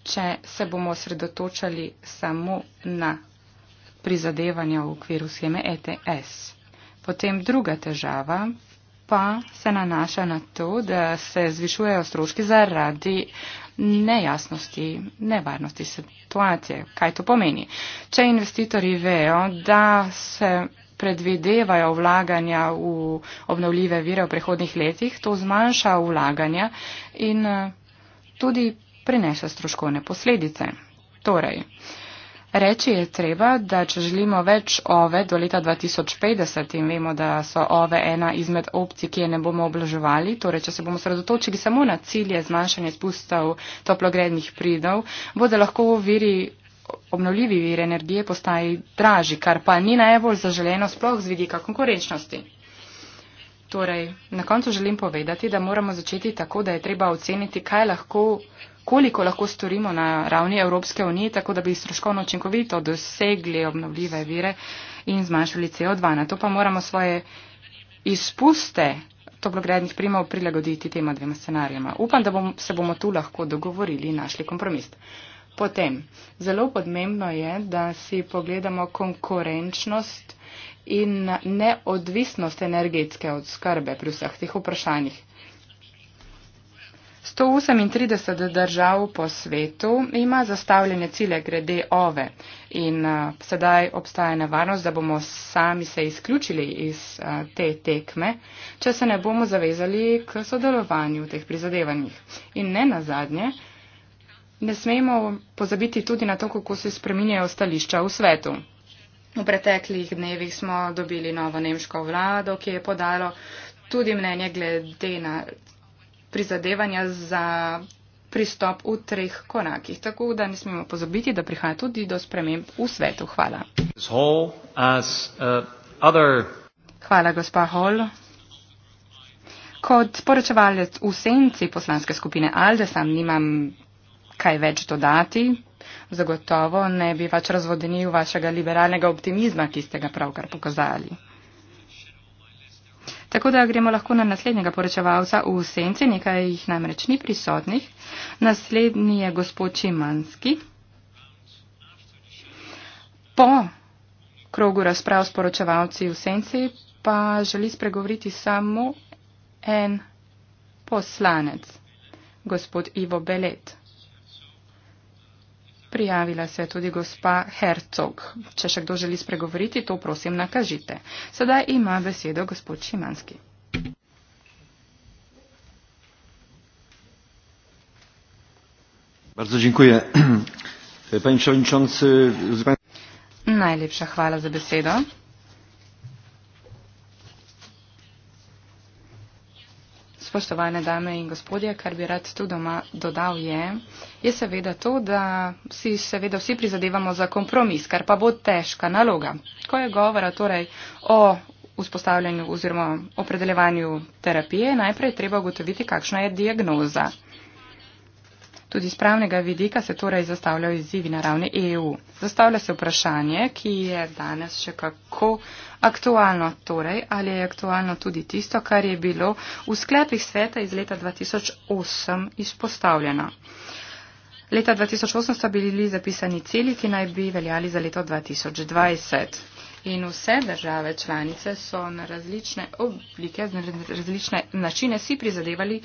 če se bomo sredotočali samo na prizadevanja v okviru scheme ETS. Potem druga težava pa se nanaša na to, da se zvišujejo stroški zaradi nejasnosti, nevarnosti situacije. Kaj to pomeni? Če investitorji vejo, da se predvidevajo vlaganja v obnovljive vire v prihodnih letih, to zmanjša vlaganja in eh, tudi prinese stroškovne posledice. Torej, uh, Reči je treba, da če želimo več ove do leta 2050 in vemo, da so ove ena izmed opcij, ki je ne bomo obloževali, torej če se bomo sredotočili samo na cilje zmanjšanja spustov toplogrednih pridov, bodo lahko viri obnovljivi vir energije postaji dražji, kar pa ni najbolj zaželeno sploh z vidika konkurenčnosti. Torej, na koncu želim povedati, da moramo začeti tako, da je treba oceniti, kaj lahko koliko lahko storimo na ravni Evropske unije, tako da bi stroškovno učinkovito dosegli obnovljive vire in zmanjšali CO2. Na to pa moramo svoje izpuste toplogrednih primov prilagoditi tema dvema scenarijama. Upam, da bom, se bomo tu lahko dogovorili in našli kompromis. Potem, zelo podmembno je, da si pogledamo konkurenčnost in neodvisnost energetske odskrbe pri vseh teh vprašanjih. 138 držav po svetu ima zastavljene cilje grede ove in uh, sedaj obstaja nevarnost, da bomo sami se izključili iz uh, te tekme, če se ne bomo zavezali k sodelovanju v teh prizadevanjih. In ne nazadnje, ne smemo pozabiti tudi na to, kako se spreminjajo stališča v svetu. V preteklih dnevih smo dobili novo nemško vlado, ki je podalo tudi mnenje glede na prizadevanja za pristop v treh korakih. Tako da ne smemo pozabiti, da prihaja tudi do sprememb v svetu. Hvala. Uh, Hvala, gospa Hall. Kot poročevalec v senci poslanske skupine Alde sam nimam kaj več dodati. Zagotovo ne bi pač razvodenil vašega liberalnega optimizma, ki ste ga pravkar pokazali. Tako da gremo lahko na naslednjega poročevalca v senci, nekaj jih namreč ni prisotnih. Naslednji je gospod Čimanski. Po krogu razprav s poročevalci v senci pa želi spregovoriti samo en poslanec, gospod Ivo Belet. Prijavila se je tudi gospa Hercog. Če še kdo želi spregovoriti, to prosim nakažite. Sedaj ima besedo gospod Šimanski. Bardzo dziękuję. (clears throat) Panie Przewodniczący. Najlepsza chwala za besedę. spoštovane dame in gospodje, kar bi rad tu doma dodal je, je seveda to, da si seveda vsi prizadevamo za kompromis, kar pa bo težka naloga. Ko je govora torej o vzpostavljanju oziroma opredeljevanju terapije, najprej treba ugotoviti, kakšna je diagnoza. Tudi z pravnega vidika se torej zastavljajo izzivi na ravni EU. Zastavlja se vprašanje, ki je danes še kako aktualno, torej ali je aktualno tudi tisto, kar je bilo v sklepih sveta iz leta 2008 izpostavljeno. Leta 2008 so bili zapisani cilji, ki naj bi veljali za leto 2020. In vse države članice so na različne oblike, na različne načine si prizadevali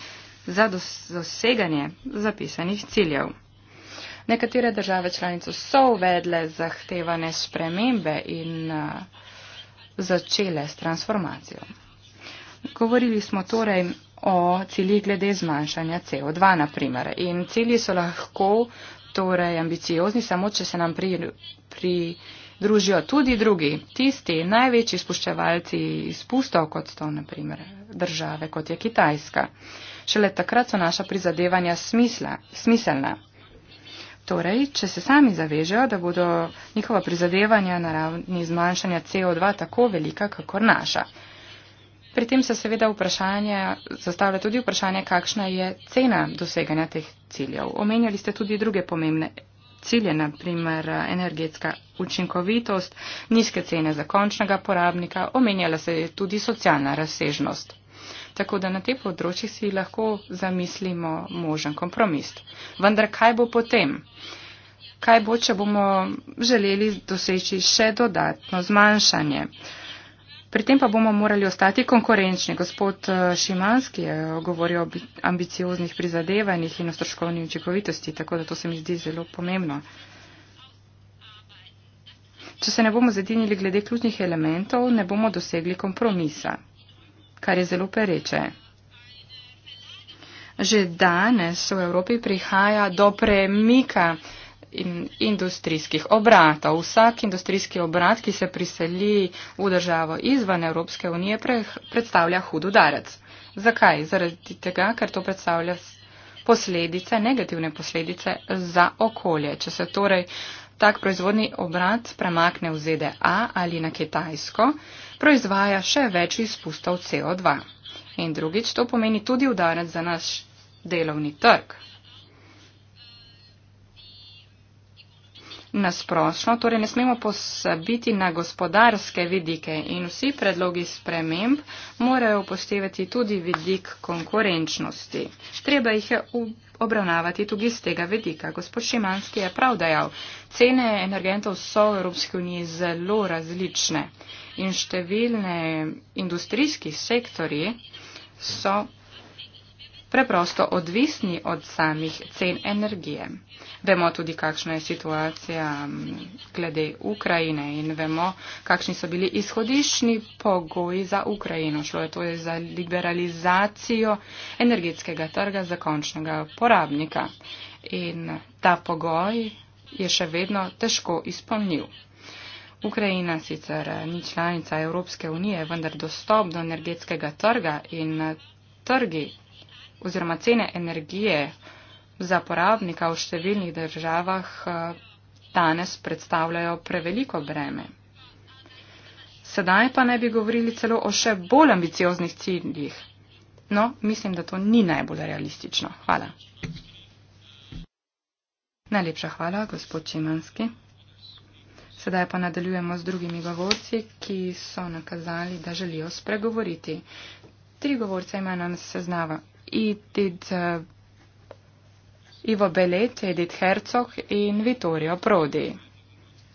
za doseganje zapisanih ciljev. Nekatere države članice so uvedle zahtevane spremembe in uh, začele s transformacijo. Govorili smo torej o ciljih glede zmanjšanja CO2, na primer. In cilji so lahko torej ambiciozni, samo če se nam pridružijo pri tudi drugi, tisti največji spuščevalci izpustov, kot so na primer države, kot je Kitajska. Uh, Šele takrat so naša prizadevanja smisla, smiselna. Torej, če se sami zavežejo, da bodo njihova prizadevanja na ravni zmanjšanja CO2 tako velika, kakor naša. Pri tem se seveda vprašanje, zastavlja tudi vprašanje, kakšna je cena doseganja teh ciljev. Omenjali ste tudi druge pomembne cilje, naprimer energetska učinkovitost, nizke cene za končnega porabnika, omenjala se je tudi socialna razsežnost. Tako da na te področji si lahko zamislimo možen kompromis. Vendar kaj bo potem? Kaj bo, če bomo želeli doseči še dodatno zmanjšanje? Pri tem pa bomo morali ostati konkurenčni. Gospod eh, Šimanski je govoril o ambicioznih prizadevanjih in o stroškovni učinkovitosti, tako da to se mi zdi zelo pomembno. Če se ne bomo zedinili glede ključnih elementov, ne bomo dosegli kompromisa kar je zelo pereče. Že danes v Evropi prihaja do premika industrijskih obratov. Vsak industrijski obrat, ki se priseli v državo izvan Evropske unije, pre, predstavlja hud udarec. Zakaj? Zaradi tega, ker to predstavlja posledice, negativne posledice za okolje. Če se torej uh, tak proizvodni obrat premakne v ZDA ali na Kitajsko, proizvaja še več izpustov CO2. In drugič, to pomeni tudi udarec za naš delovni trg. Nasprošno, torej ne smemo posabiti na gospodarske vidike in vsi predlogi sprememb morajo upoštevati tudi vidik konkurenčnosti. Treba jih je obravnavati tudi z tega vedika. Gospod Šimanski je prav dejal, cene energentov so v Evropski uniji zelo različne in številne industrijski sektori so preprosto odvisni od samih cen energije. Vemo tudi, kakšna je situacija glede Ukrajine in vemo, kakšni so bili izhodišni pogoji za Ukrajino. Šlo je to torej je za liberalizacijo energetskega trga za končnega porabnika. In ta pogoj je še vedno težko izpolnil. Ukrajina sicer ni članica Evropske unije, vendar dostop do energetskega trga in trgi oziroma cene energije za porabnika v številnih državah eh, danes predstavljajo preveliko breme. Sedaj pa naj bi govorili celo o še bolj ambicioznih ciljih. No, mislim, da to ni najbolj realistično. Hvala. Najlepša hvala, gospod Čimanski. Sedaj pa nadaljujemo z drugimi govorci, ki so nakazali, da želijo spregovoriti. Tri govorce ima nam i did uh, Ivo Belet, Edith Herzog in Vittorio Prodi.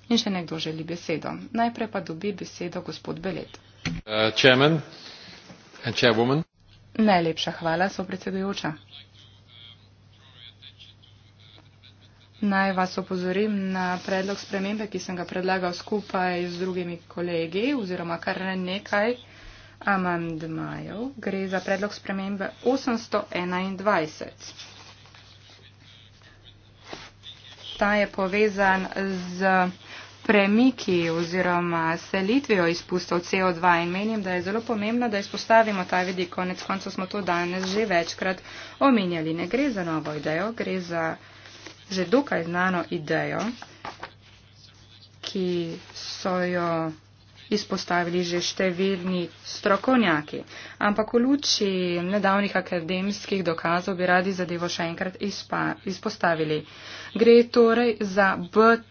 In še nekdo želi besedo. Najprej pa dobi besedo gospod Belet. Uh, chairman and chairwoman. Najlepša hvala, so predsedujoča. Naj vas opozorim na predlog spremembe, ki sem ga predlagal skupaj z drugimi kolegi oziroma kar nekaj amandmajev. Gre za predlog spremembe 821. Ta je povezan z premiki oziroma selitvijo izpustov CO2 in menim, da je zelo pomembno, da izpostavimo ta vidik. Konec koncev smo to danes že večkrat omenjali. Ne gre za novo idejo, gre za že dokaj znano idejo, ki so jo izpostavili že številni strokovnjaki. Ampak v luči nedavnih akademskih dokazov bi radi zadevo še enkrat izpa, izpostavili. Gre torej za BTA.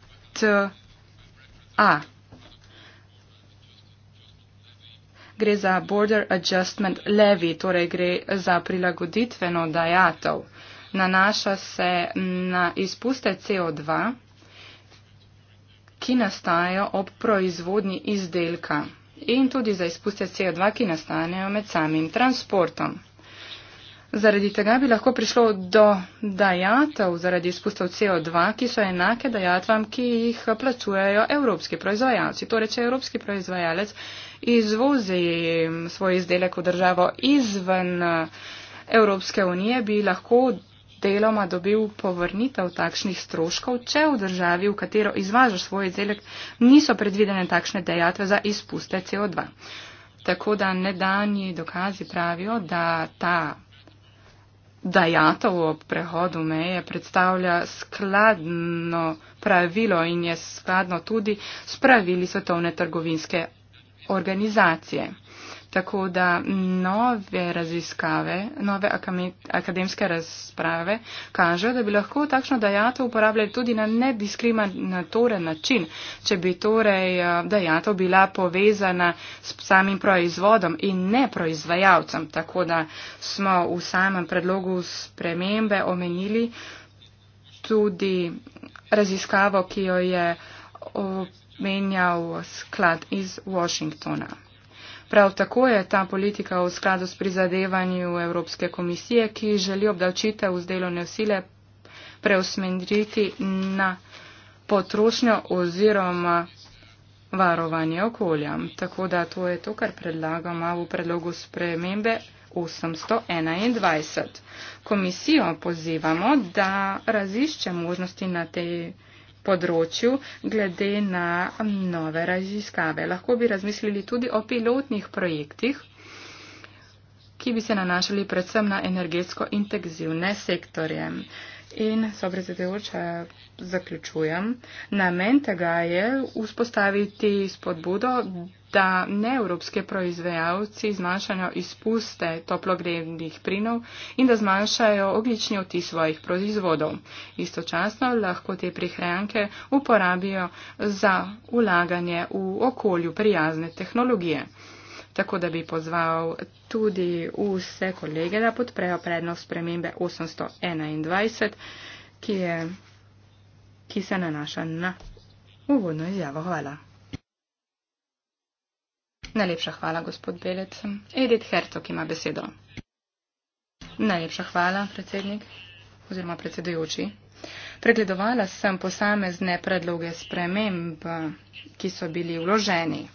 Gre za Border Adjustment Levy, torej gre za prilagoditveno dajatov. Nanaša se na izpuste CO2 ki nastajajo ob proizvodni izdelka in tudi za izpuste CO2, ki nastanejo med samim transportom. Zaradi tega bi lahko prišlo do dajatev zaradi izpustov CO2, ki so enake dajatvam, ki jih plačujejo evropski proizvajalci. Torej, če evropski proizvajalec izvozi svoj izdelek v državo izven eh, Evropske unije, bi lahko deloma dobil povrnitev takšnih stroškov, če v državi, v katero izvažaš svoj izdelek, niso predvidene takšne dejatve za izpuste CO2. Tako da nedanji dokazi pravijo, da ta dajatov ob prehodu meje predstavlja skladno pravilo in je skladno tudi s pravili Svetovne trgovinske organizacije. Tako da nove raziskave, nove akademske razprave kažejo, da bi lahko takšno dajatev uporabljali tudi na nediskriminatoren način, če bi torej eh, dajatev bila povezana s samim proizvodom in ne proizvajalcem. Tako da smo v samem predlogu spremembe omenili tudi raziskavo, ki jo je omenjal sklad iz Washingtona. Prav tako je ta politika v skladu s prizadevanju Evropske komisije, ki želi obdavčitev z delovne sile preusmeriti na potrošnjo oziroma varovanje okolja. Tako da to je to, kar predlagamo v predlogu spremembe 821. Komisijo pozivamo, da razišče možnosti na tej področju glede na nove raziskave. Lahko bi razmislili tudi o pilotnih projektih, ki bi se nanašali predvsem na energetsko intenzivne sektorje. In so predsedujoča, zaključujem. Namen tega je vzpostaviti spodbudo, da neevropske proizvajalci zmanjšajo izpuste toplogrednih plinov in da zmanjšajo oglični otis svojih proizvodov. Istočasno lahko te prihranke uporabijo za ulaganje v okolju prijazne tehnologije tako da bi pozval tudi vse kolege, da podprejo prednost spremembe 821, ki, je, ki se nanaša na uvodno izjavo. Hvala. Najlepša hvala, gospod Belec. Edith Hercog ima besedo. Najlepša hvala, predsednik oziroma predsedujoči. Pregledovala sem posamezne predloge sprememb, ki so bili vloženi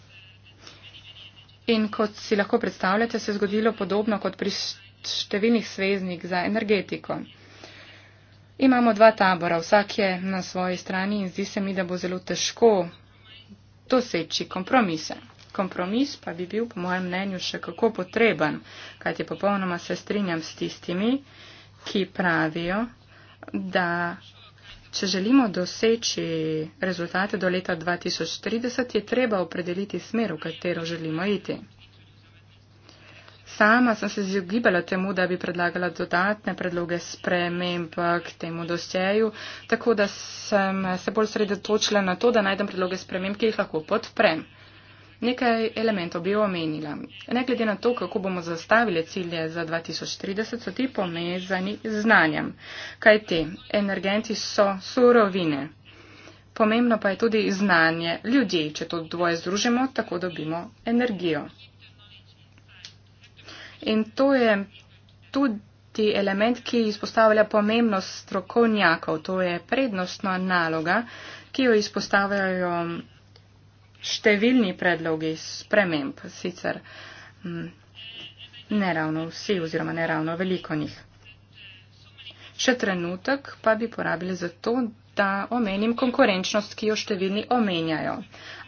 In kot si lahko predstavljate, se je zgodilo podobno kot pri številnih sveznik za energetiko. Imamo dva tabora, vsak je na svoji strani in zdi se mi, da bo zelo težko doseči kompromise. Kompromis pa bi bil, po mojem mnenju, še kako potreben, kajti popolnoma se strinjam s tistimi, ki pravijo, da Če želimo doseči rezultate do leta 2030, je treba opredeliti smer, v katero želimo iti. Sama sem se izogibala temu, da bi predlagala dodatne predloge sprememb k temu dosjeju, tako da sem se bolj sredotočila na to, da najdem predloge sprememb, ki jih lahko podprem. Nekaj elementov bi omenila. Ne glede na to, kako bomo zastavili cilje za 2030, so ti pomezani znanjem. Kaj te? Energenti so surovine. Pomembno pa je tudi znanje ljudi, če to dvoje združimo, tako dobimo energijo. In to je tudi element, ki izpostavlja pomembnost strokovnjakov. To je prednostna naloga, ki jo izpostavljajo številni predlogi sprememb, sicer m, mm, neravno vsi oziroma neravno veliko njih. Še trenutek pa bi porabili za to, da omenim konkurenčnost, ki jo številni omenjajo.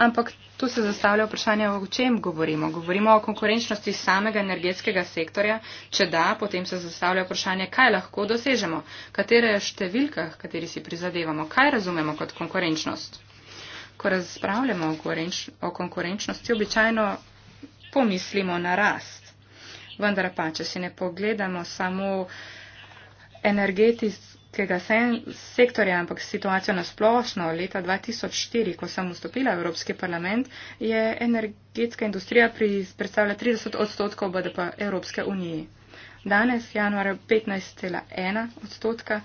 Ampak tu se zastavlja vprašanje, o čem govorimo. Govorimo o konkurenčnosti samega energetskega sektorja. Če da, potem se zastavlja vprašanje, kaj lahko dosežemo, katere številke, kateri si prizadevamo, kaj razumemo kot konkurenčnost ko razpravljamo o konkurenčnosti, običajno pomislimo na rast. Vendar pa, če si ne pogledamo samo energetickega sektorja, ampak situacijo na splošno, leta 2004, ko sem vstopila v Evropski parlament, je energetska industrija predstavlja 30 odstotkov BDP Evropske unije. Danes, januar, 15,1 odstotka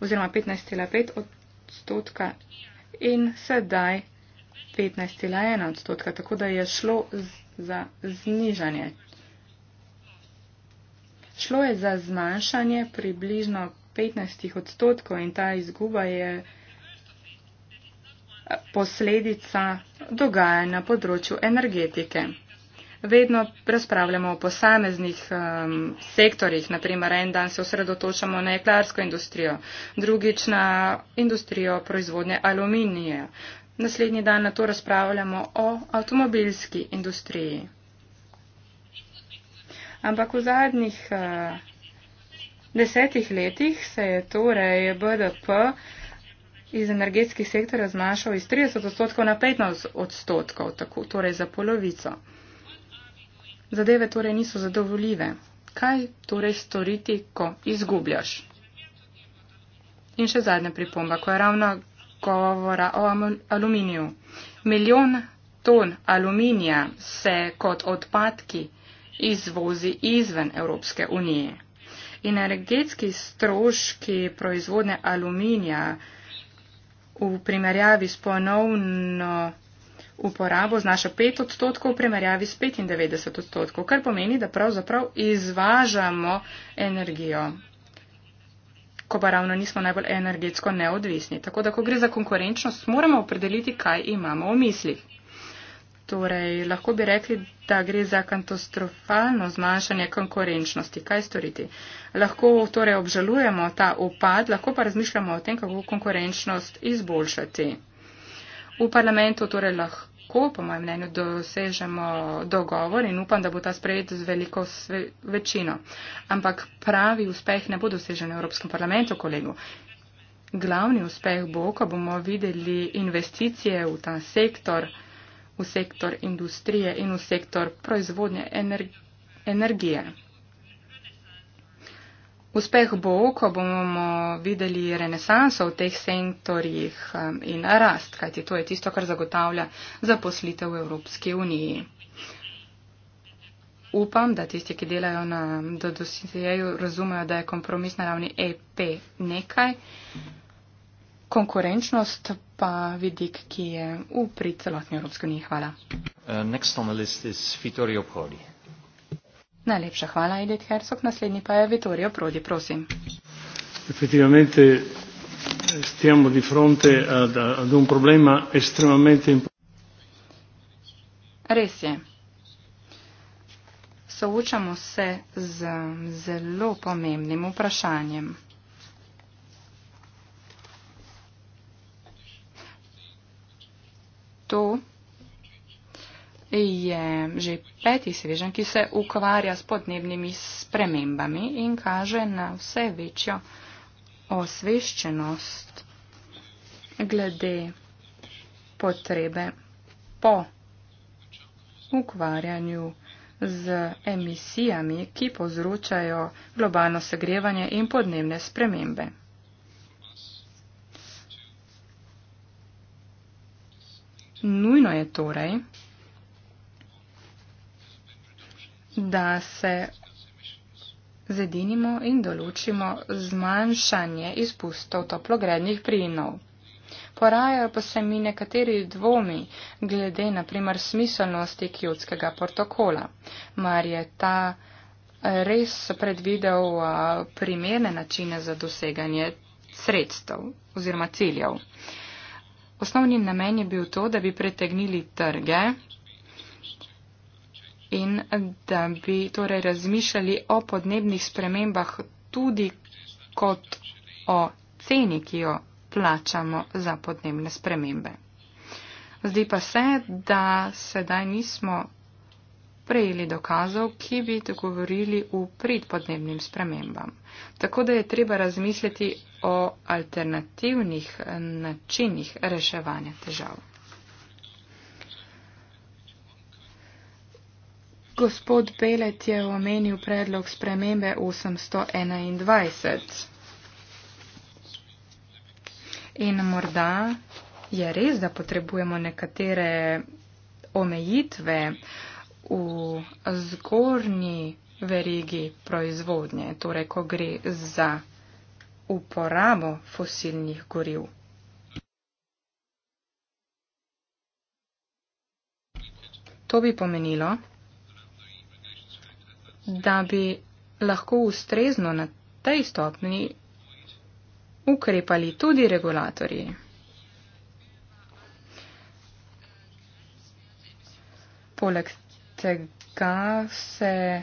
oziroma 15,5 odstotka in sedaj 15,1 odstotka, tako da je šlo za znižanje. Šlo je za zmanjšanje približno 15 odstotkov in ta izguba je eh, posledica dogajanja na področju energetike. Vedno razpravljamo o posameznih um, sektorjih, naprimer en dan se osredotočamo na jeklarsko industrijo, drugič na industrijo proizvodnje aluminije, Naslednji dan na to razpravljamo o avtomobilski industriji. Ampak v zadnjih uh, desetih letih se je torej BDP iz energetskih sektorja zmanjšal iz 30 odstotkov na 15 odstotkov, tako, torej za polovico. Zadeve torej niso zadovoljive. Kaj torej storiti, ko izgubljaš? In še zadnja pripomba, ko je ravno govora o aluminiju. Milijon ton aluminija se kot odpadki izvozi izven Evropske unije. Energetski stroški proizvodne aluminija v primerjavi s ponovno uporabo znaša 5 odstotkov v primerjavi s 95 odstotkov, kar pomeni, da pravzaprav izvažamo energijo ko pa ravno nismo najbolj energetsko neodvisni. Tako da, ko gre za konkurenčnost, moramo opredeliti, kaj imamo v mislih. Torej, lahko bi rekli, da gre za katastrofalno zmanjšanje konkurenčnosti. Kaj storiti? Lahko torej obžalujemo ta upad, lahko pa razmišljamo o tem, kako konkurenčnost izboljšati. V parlamentu torej lahko lahko, po mojem mnenju, dosežemo dogovor in upam, da bo ta sprejet z veliko sve, večino. Ampak pravi uspeh ne bo dosežen v Evropskem parlamentu, kolegu. Glavni uspeh bo, ko bomo videli investicije v ta sektor, v sektor industrije in v sektor proizvodnje energi energije. Uspeh bo, ko bomo videli renesanso v teh sektorjih um, in rast, kajti to je tisto, kar zagotavlja zaposlitev v Evropski uniji. Upam, da tisti, ki delajo na DDC-ju, razumejo, da je kompromis na ravni EP nekaj, konkurenčnost pa vidik, ki je upri celotni Evropski uniji. Hvala. Uh, Najlepša hvala, Edith Hersok. Naslednji pa je Vittorio Prodi, prosim. Eh, Res je. Soočamo se z zelo pomembnim vprašanjem. To je že peti svežen, ki se ukvarja s podnebnimi spremembami in kaže na vse večjo osveščenost glede potrebe po ukvarjanju z emisijami, ki povzročajo globalno segrevanje in podnebne spremembe. Nujno je torej, da se zedinimo in določimo zmanjšanje izpustov toplogrednih plinov. Porajajo pa se mi nekateri dvomi glede na primer smiselnosti kjotskega protokola. Mar je ta res predvidel primerne načine za doseganje sredstev oziroma ciljev. Osnovni namen je bil to, da bi pretegnili trge in da bi torej razmišljali o podnebnih spremembah tudi kot o ceni, ki jo plačamo za podnebne spremembe. Zdi pa se, da sedaj nismo prejeli dokazov, ki bi to govorili v prid podnebnim spremembam. Tako da je treba razmisliti o alternativnih načinih reševanja težav. Gospod Belet je omenil predlog spremembe 821. In morda je res, da potrebujemo nekatere omejitve v zgornji verigi proizvodnje, torej ko gre za uporabo fosilnih goriv. To bi pomenilo, da bi lahko ustrezno na tej stopni ukrepali tudi regulatorji. Poleg tega se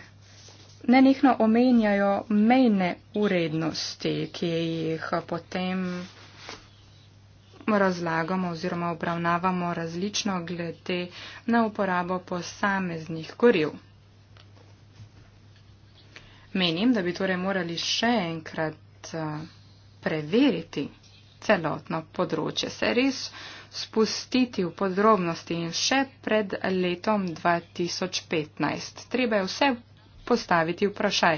nenehno omenjajo mejne urednosti, ki jih potem razlagamo oziroma obravnavamo različno glede na uporabo posameznih goriv. Menim, da bi torej morali še enkrat eh, preveriti celotno področje, se res spustiti v podrobnosti in še pred letom 2015. Treba je vse postaviti vprašaj,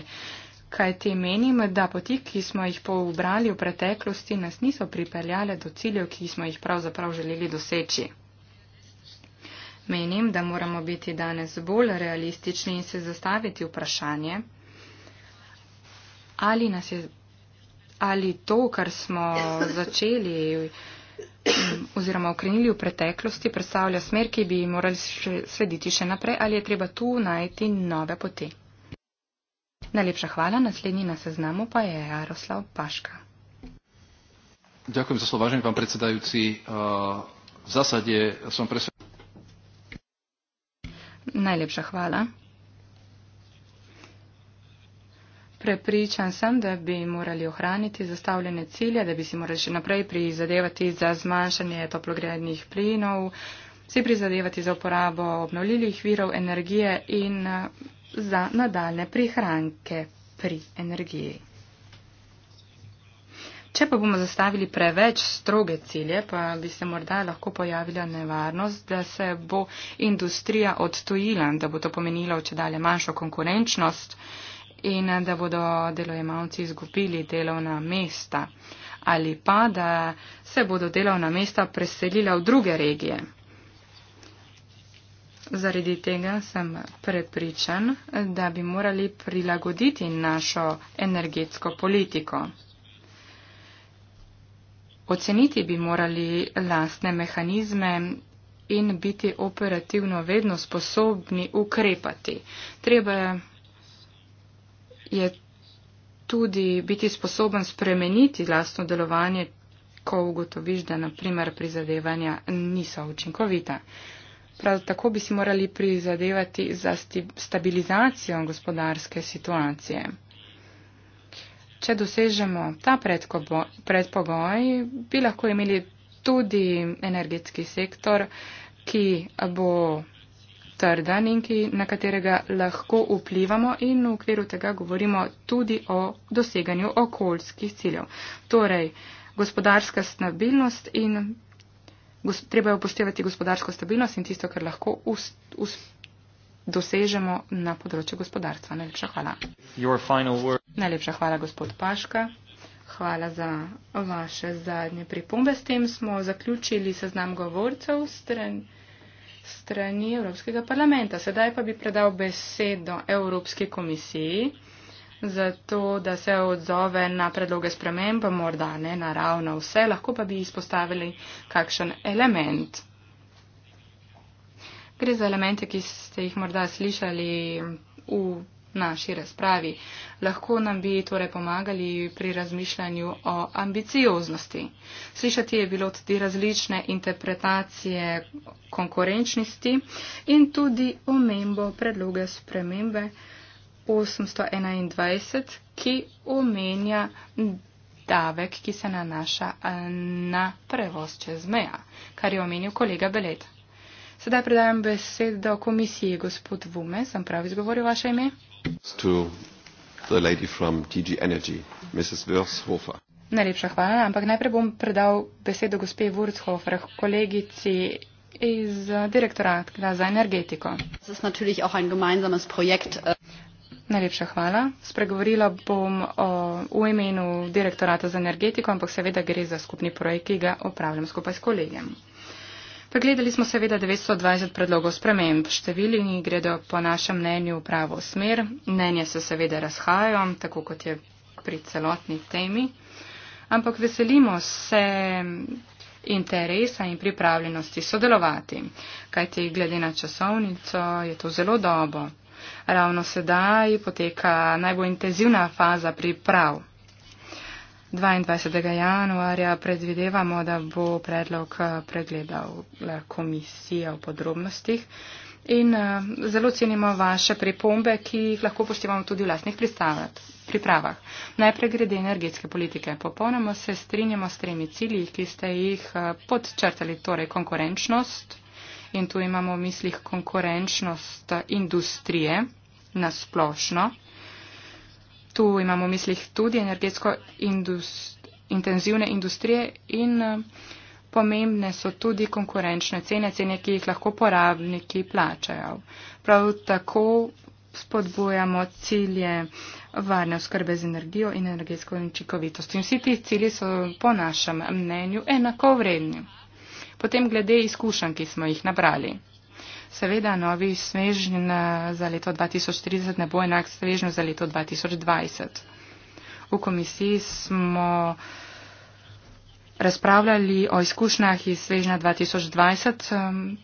kaj ti menim, da poti, ki smo jih poubrali v preteklosti, nas niso pripeljale do ciljev, ki smo jih pravzaprav želeli doseči. Menim, da moramo biti danes bolj realistični in se zastaviti vprašanje, ali, je, ali to, kar smo začeli oziroma ukrenili v preteklosti, predstavlja smer, ki bi morali slediti še naprej, ali je treba tu najti nove poti. Najlepša hvala, naslednji na seznamu pa je Jaroslav Paška. Ďakujem za slovo, vážený pán predsedajúci. V zásade som presvedčený. Najlepšia chvála. Prepričan sem, da bi morali ohraniti zastavljene cilje, da bi si morali še naprej prizadevati za zmanjšanje toplogrednih plinov, si prizadevati za uporabo obnovljivih virov energije in eh, za nadaljne prihranke pri energiji. Če pa bomo zastavili preveč stroge cilje, pa bi se morda lahko pojavila nevarnost, da se bo industrija odtojila, da bo to pomenilo če dalje manjšo konkurenčnost in da bodo delojemalci izgubili delovna mesta ali pa, da se bodo delovna mesta preselila v druge regije. Zaradi tega sem prepričan, da bi morali prilagoditi našo energetsko politiko. Oceniti bi morali lastne mehanizme in biti operativno vedno sposobni ukrepati. Treba je tudi biti sposoben spremeniti lastno delovanje, ko ugotoviš, da naprimer prizadevanja niso učinkovita. Prav tako bi si morali prizadevati za stabilizacijo gospodarske situacije. Če dosežemo ta predpogoj, bi lahko imeli tudi energetski sektor, ki bo trden in ki, na katerega lahko vplivamo in v okviru tega govorimo tudi o doseganju okoljskih ciljev. Torej, gospodarska stabilnost in gos, treba je upoštevati gospodarsko stabilnost in tisto, kar lahko us, us, dosežemo na področju gospodarstva. Najlepša hvala. Najlepša hvala, gospod Paška. Hvala za vaše zadnje pripombe. S tem smo zaključili seznam govorcev. Stren strani Evropskega parlamenta. Sedaj pa bi predal besedo Evropski komisiji za to, da se odzove na predloge sprememb, morda ne naravno vse, lahko pa bi izpostavili kakšen element. Gre za elemente, ki ste jih morda slišali v naši razpravi. Lahko nam bi torej pomagali pri razmišljanju o ambicioznosti. Slišati je bilo tudi različne interpretacije konkurenčnosti in tudi omembo predloga spremembe 821, ki omenja davek, ki se nanaša na prevoz čez meja, kar je omenil kolega Belet. Sedaj predajam besedo komisiji, gospod Vume, sem prav izgovoril vaše ime. Najlepša hvala, ampak najprej bom predal besedo gospe Wurzhofer, kolegici iz eh, direktorata za energetiko. Äh, Najlepša hvala. Spregovorila bom o, v imenu direktorata za energetiko, ampak seveda gre za skupni projekt, ki ga upravljam skupaj s kolegem. Pregledali smo seveda 920 predlogov sprememb. Številni gredo po našem mnenju v pravo smer. Mnenje se seveda razhajajo, tako kot je pri celotni temi. Ampak veselimo se interesa in pripravljenosti sodelovati, kajti glede na časovnico je to zelo dobo. Ravno sedaj poteka najbolj intenzivna faza priprav 22. januarja predvidevamo, da bo predlog eh, pregledal eh, komisija v podrobnostih. In eh, zelo cenimo vaše pripombe, ki jih lahko poštevamo tudi v lasnih pripravah. Najprej grede energetske politike. Popolnoma se strinjamo s tremi cilji, ki ste jih podčrtali, torej konkurenčnost. In tu imamo v mislih konkurenčnost industrije na splošno. Tu imamo v mislih tudi energetsko indust, intenzivne industrije in eh, pomembne so tudi konkurenčne cene, cene, ki jih lahko porabniki plačajo. Prav tako spodbujamo cilje varne oskrbe z energijo in energetsko učinkovitost. In vsi ti cilji so po našem mnenju enako vredni. Potem glede izkušenj, ki smo jih nabrali. Seveda, novi svežen za leto 2030 ne bo enak svežnju za leto 2020. V komisiji smo razpravljali o izkušnjah iz svežnja 2020.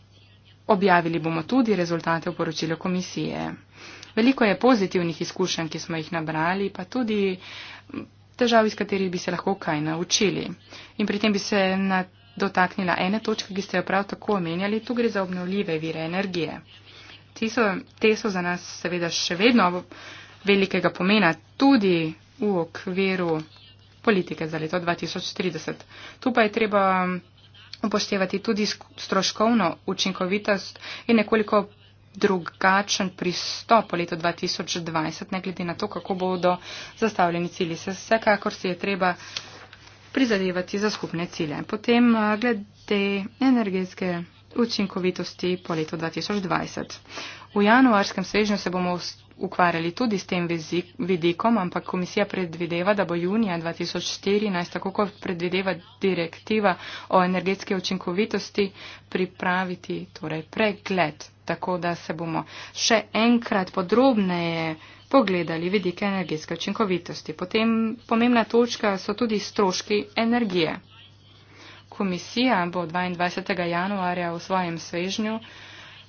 Objavili bomo tudi rezultate v poročilu komisije. Veliko je pozitivnih izkušenj, ki smo jih nabrali, pa tudi težav, iz katerih bi se lahko kaj naučili. In pri tem bi se na dotaknila ene točke, ki ste jo prav tako omenjali. Tu gre za obnovljive vire energije. So, te so za nas seveda še vedno velikega pomena tudi v okviru politike za leto 2030. Tu pa je treba upoštevati tudi stroškovno učinkovitost in nekoliko drugačen pristop v leto 2020, ne glede na to, kako bodo zastavljeni cilji. Vsekakor se je treba prizadevati za skupne cilje. Potem eh, glede energetske učinkovitosti po letu 2020. V januarskem svežnju se bomo ukvarjali tudi s tem vidikom, ampak komisija predvideva, da bo junija 2014, tako kot predvideva direktiva o energetske učinkovitosti, pripraviti torej pregled, tako da se bomo še enkrat podrobneje pogledali vidike energetske učinkovitosti. Potem pomembna točka so tudi stroški energije. Komisija bo 22. januarja v svojem svežnju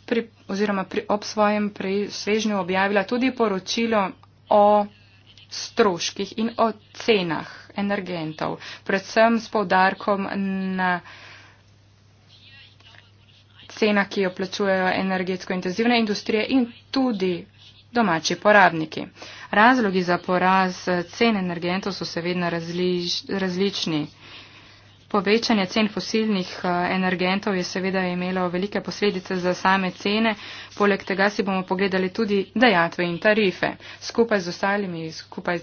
pri, oziroma pri, ob svojem pri svežnju objavila tudi poročilo o stroških in o cenah energentov, predvsem s povdarkom na cena, ki jo plačujejo energetsko intenzivne industrije in tudi domači porabniki. Razlogi za poraz cen energentov so seveda različni. Povečanje cen fosilnih eh, energentov je seveda imelo velike posledice za same cene, poleg tega si bomo pogledali tudi dejatve in tarife. Skupaj z ostalimi, skupaj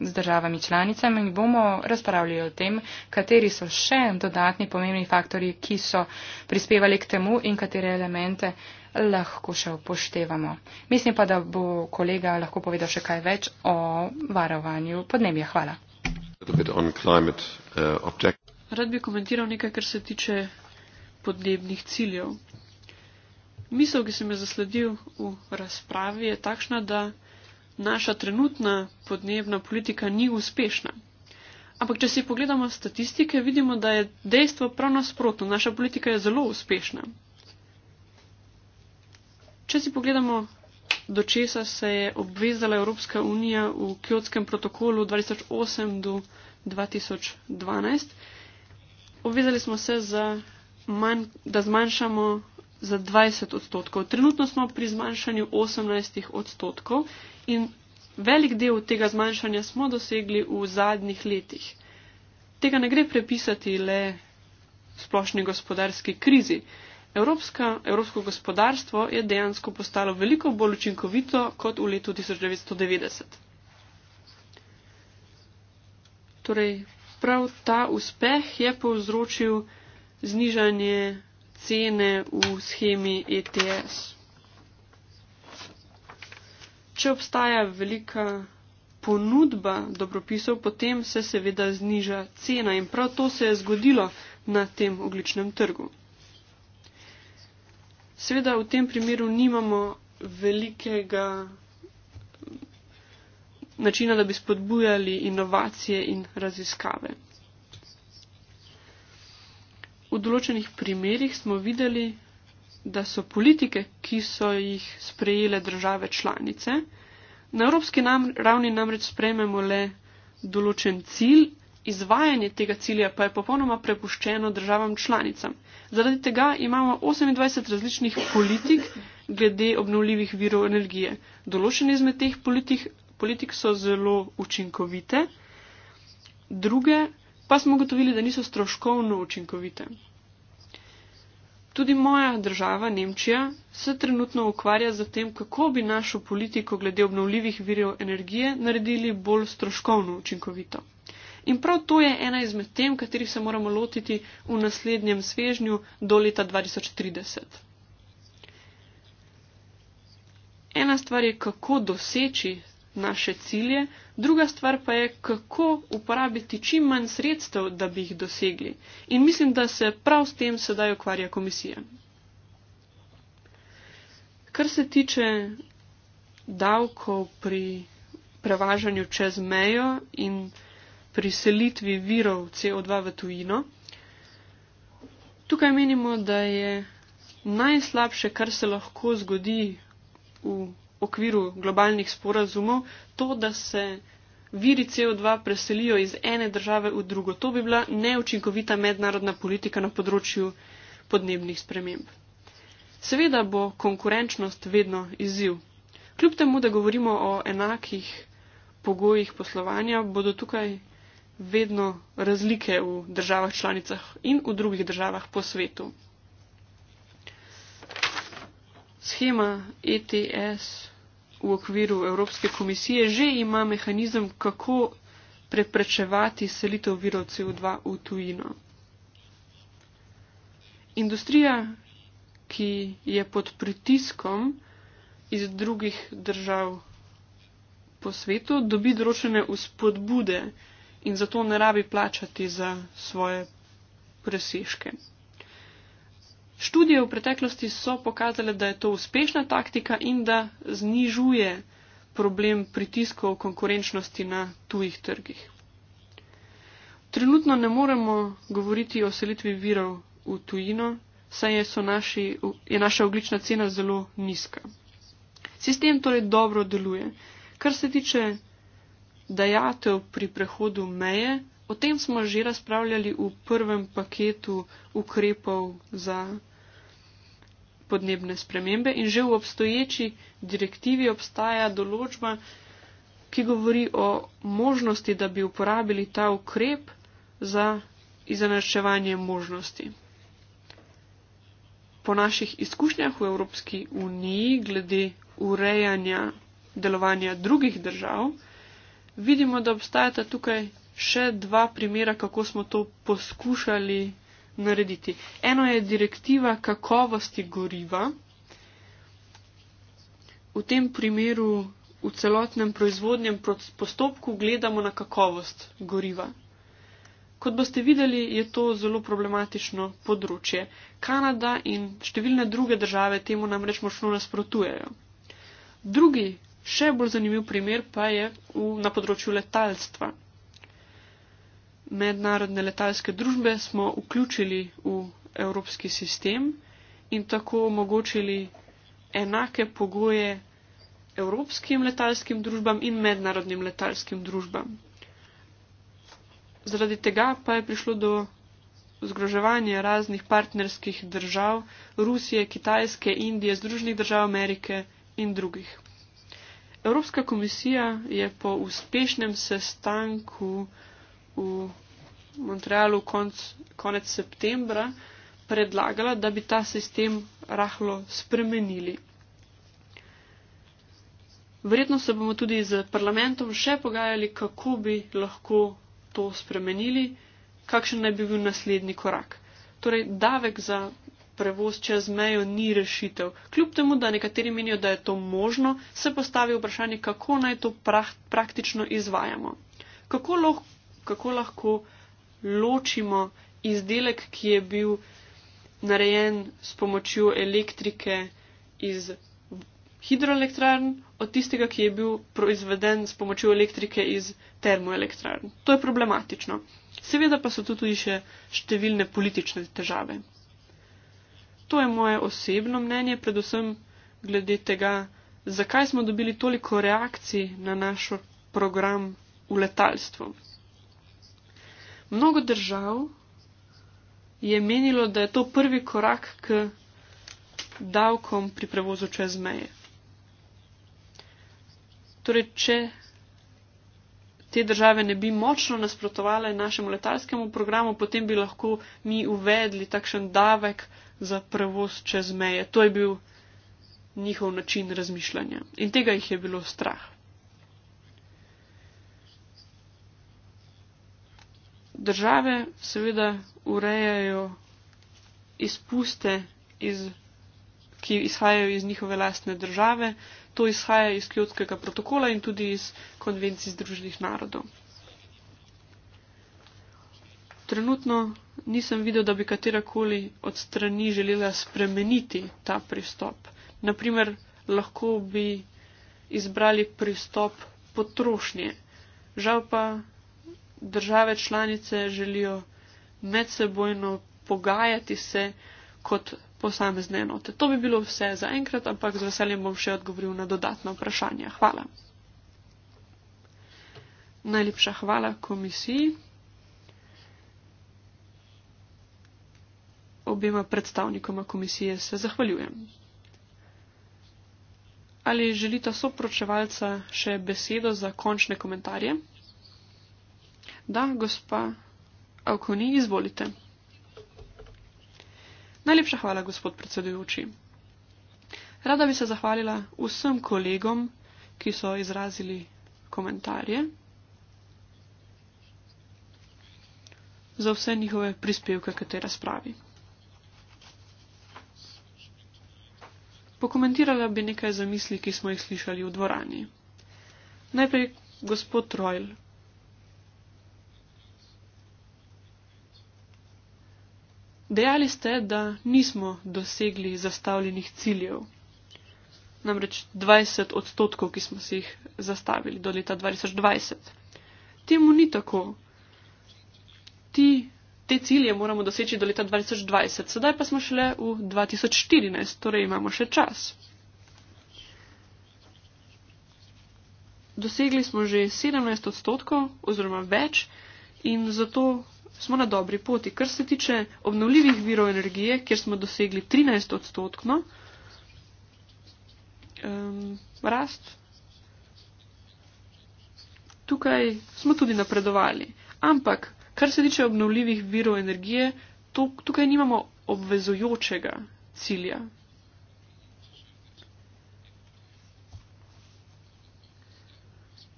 z državami članicami bomo razpravljali o tem, kateri so še dodatni pomembni faktori, ki so prispevali k temu in katere elemente lahko še upoštevamo. Mislim pa, da bo kolega lahko povedal še kaj več o varovanju podnebja. Hvala. Rad bi komentiral nekaj, kar se tiče podnebnih ciljev. Misel, ki sem jo zasledil v razpravi, je takšna, da naša trenutna podnebna politika ni uspešna. Ampak, če si pogledamo statistike, vidimo, da je dejstvo prav nasprotno. Naša politika je zelo uspešna. Če si pogledamo, do česa se je obvezala Evropska unija v Kjotskem protokolu 2008 do 2012, obvezali smo se, manj, da zmanjšamo za 20 odstotkov. Trenutno smo pri zmanjšanju 18 odstotkov in velik del tega zmanjšanja smo dosegli v zadnjih letih. Tega ne gre prepisati le splošni gospodarski krizi. Evropska, evropsko gospodarstvo je dejansko postalo veliko bolj učinkovito kot v letu 1990. Torej, prav ta uspeh je povzročil znižanje cene v schemi ETS. Če obstaja velika ponudba dobropisov, potem se seveda zniža cena in prav to se je zgodilo na tem ogličnem trgu. Seveda v tem primeru nimamo velikega načina, da bi spodbujali inovacije in raziskave. V določenih primerjih smo videli, da so politike, ki so jih sprejele države članice, na evropski nam, ravni namreč sprejmemo le določen cilj, izvajanje tega cilja pa je popolnoma prepuščeno državam članicam. Zaradi tega imamo 28 različnih politik glede obnovljivih virov energije. Določene izmed teh politik politik so zelo učinkovite, druge pa smo gotovili, da niso stroškovno učinkovite. Tudi moja država, Nemčija, se trenutno ukvarja z tem, kako bi našo politiko glede obnovljivih virov energije naredili bolj stroškovno učinkovito. In prav to je ena izmed tem, katerih se moramo lotiti v naslednjem svežnju do leta 2030. Ena stvar je, kako doseči naše cilje, druga stvar pa je, kako uporabiti čim manj sredstev, da bi jih dosegli. In mislim, da se prav s tem sedaj ukvarja komisija. Kar se tiče davkov pri prevažanju čez mejo in pri selitvi virov CO2 v tujino, tukaj menimo, da je najslabše, kar se lahko zgodi v okviru globalnih sporazumov, to, da se viri CO2 preselijo iz ene države v drugo. To bi bila neučinkovita mednarodna politika na področju podnebnih sprememb. Seveda bo konkurenčnost vedno izziv. Kljub temu, da govorimo o enakih pogojih poslovanja, bodo tukaj vedno razlike v državah članicah in v drugih državah po svetu. Schema ETS v okviru Evropske komisije že ima mehanizem, kako preprečevati selitev virov CO2 v tujino. Industrija, ki je pod pritiskom iz drugih držav po svetu, dobi določene uspodbude in zato ne rabi plačati za svoje presežke. Študije v preteklosti so pokazale, da je to uspešna taktika in da znižuje problem pritiskov konkurenčnosti na tujih trgih. Trenutno ne moremo govoriti o selitvi virov v tujino, saj je, naši, je naša oglična cena zelo nizka. Sistem torej dobro deluje. Kar se tiče dajatev pri prehodu meje, o tem smo že razpravljali v prvem paketu ukrepov za podnebne spremembe in že v obstoječi direktivi obstaja določba, ki govori o možnosti, da bi uporabili ta ukrep za izanaščevanje možnosti. Po naših izkušnjah v Evropski uniji glede urejanja delovanja drugih držav, vidimo, da obstajata tukaj še dva primera, kako smo to poskušali narediti. Eno je direktiva kakovosti goriva. V tem primeru v celotnem proizvodnem postopku gledamo na kakovost goriva. Kot boste videli, je to zelo problematično področje. Kanada in številne druge države temu namreč močno nasprotujejo. Drugi, še bolj zanimiv primer pa je v, na področju letalstva mednarodne letalske družbe smo vključili v evropski sistem in tako omogočili enake pogoje evropskim letalskim družbam in mednarodnim letalskim družbam. Zaradi tega pa je prišlo do zgroževanja raznih partnerskih držav, Rusije, Kitajske, Indije, Združenih držav Amerike in drugih. Evropska komisija je po uspešnem sestanku v Montrealu konc, konec septembra predlagala, da bi ta sistem rahlo spremenili. Verjetno se bomo tudi z parlamentom še pogajali, kako bi lahko to spremenili, kakšen naj bi bil naslednji korak. Torej, davek za prevoz čez mejo ni rešitev. Kljub temu, da nekateri menijo, da je to možno, se postavi vprašanje, kako naj to praktično izvajamo. Kako lahko kako lahko ločimo izdelek, ki je bil narejen s pomočjo elektrike iz hidroelektrarn, od tistega, ki je bil proizveden s pomočjo elektrike iz termoelektrarn. To je problematično. Seveda pa so tu tudi še številne politične težave. To je moje osebno mnenje, predvsem glede tega, zakaj smo dobili toliko reakcij na naš program v letalstvu. Mnogo držav je menilo, da je to prvi korak k davkom pri prevozu čez meje. Torej, če te države ne bi močno nasprotovale našemu letalskemu programu, potem bi lahko mi uvedli takšen davek za prevoz čez meje. To je bil njihov način razmišljanja. In tega jih je bilo strah. države seveda urejajo izpuste, iz, ki izhajajo iz njihove lastne države. To izhaja iz Kjotskega protokola in tudi iz konvencij Združenih narodov. Trenutno nisem videl, da bi katerakoli od strani želela spremeniti ta pristop. Naprimer, lahko bi izbrali pristop potrošnje. Žal pa države članice želijo medsebojno pogajati se kot posamezne enote. To bi bilo vse za enkrat, ampak z veseljem bom še odgovoril na dodatna vprašanja. Hvala. Najlepša hvala komisiji, obima predstavnikoma komisije se zahvaljujem. Ali želita sopročevalca še besedo za končne komentarje? Da, gospa Avkoni, izvolite. Najlepša hvala, gospod predsedujoči. Rada bi se zahvalila vsem kolegom, ki so izrazili komentarje za vse njihove prispevke k tej razpravi. Pokomentirala bi nekaj zamisli, ki smo jih slišali v dvorani. Najprej gospod Trojl. Dejali ste, da nismo dosegli zastavljenih ciljev. Namreč 20 odstotkov, ki smo si jih zastavili do leta 2020. Temu ni tako. Ti, te cilje moramo doseči do leta 2020, sedaj pa smo šele v 2014, torej imamo še čas. Dosegli smo že 17 odstotkov oziroma več in zato smo na dobri poti. Kar se tiče obnovljivih virov energije, kjer smo dosegli 13 odstotkno um, rast, tukaj smo tudi napredovali. Ampak, kar se tiče obnovljivih virov energije, to, tukaj nimamo obvezujočega cilja.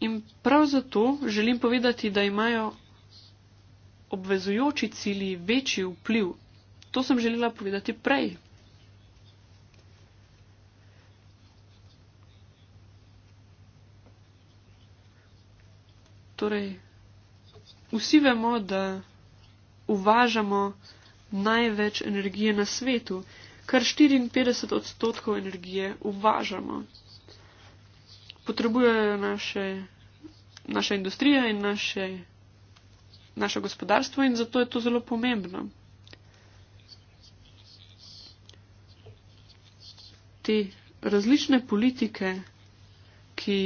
In prav zato želim povedati, da imajo obvezujoči cilji večji vpliv. To sem želela povedati prej. Torej, vsi vemo, da uvažamo največ energije na svetu, kar 54 odstotkov energije uvažamo. Potrebujejo naše, naša industrija in naše naše gospodarstvo in zato je to zelo pomembno. Te različne politike, ki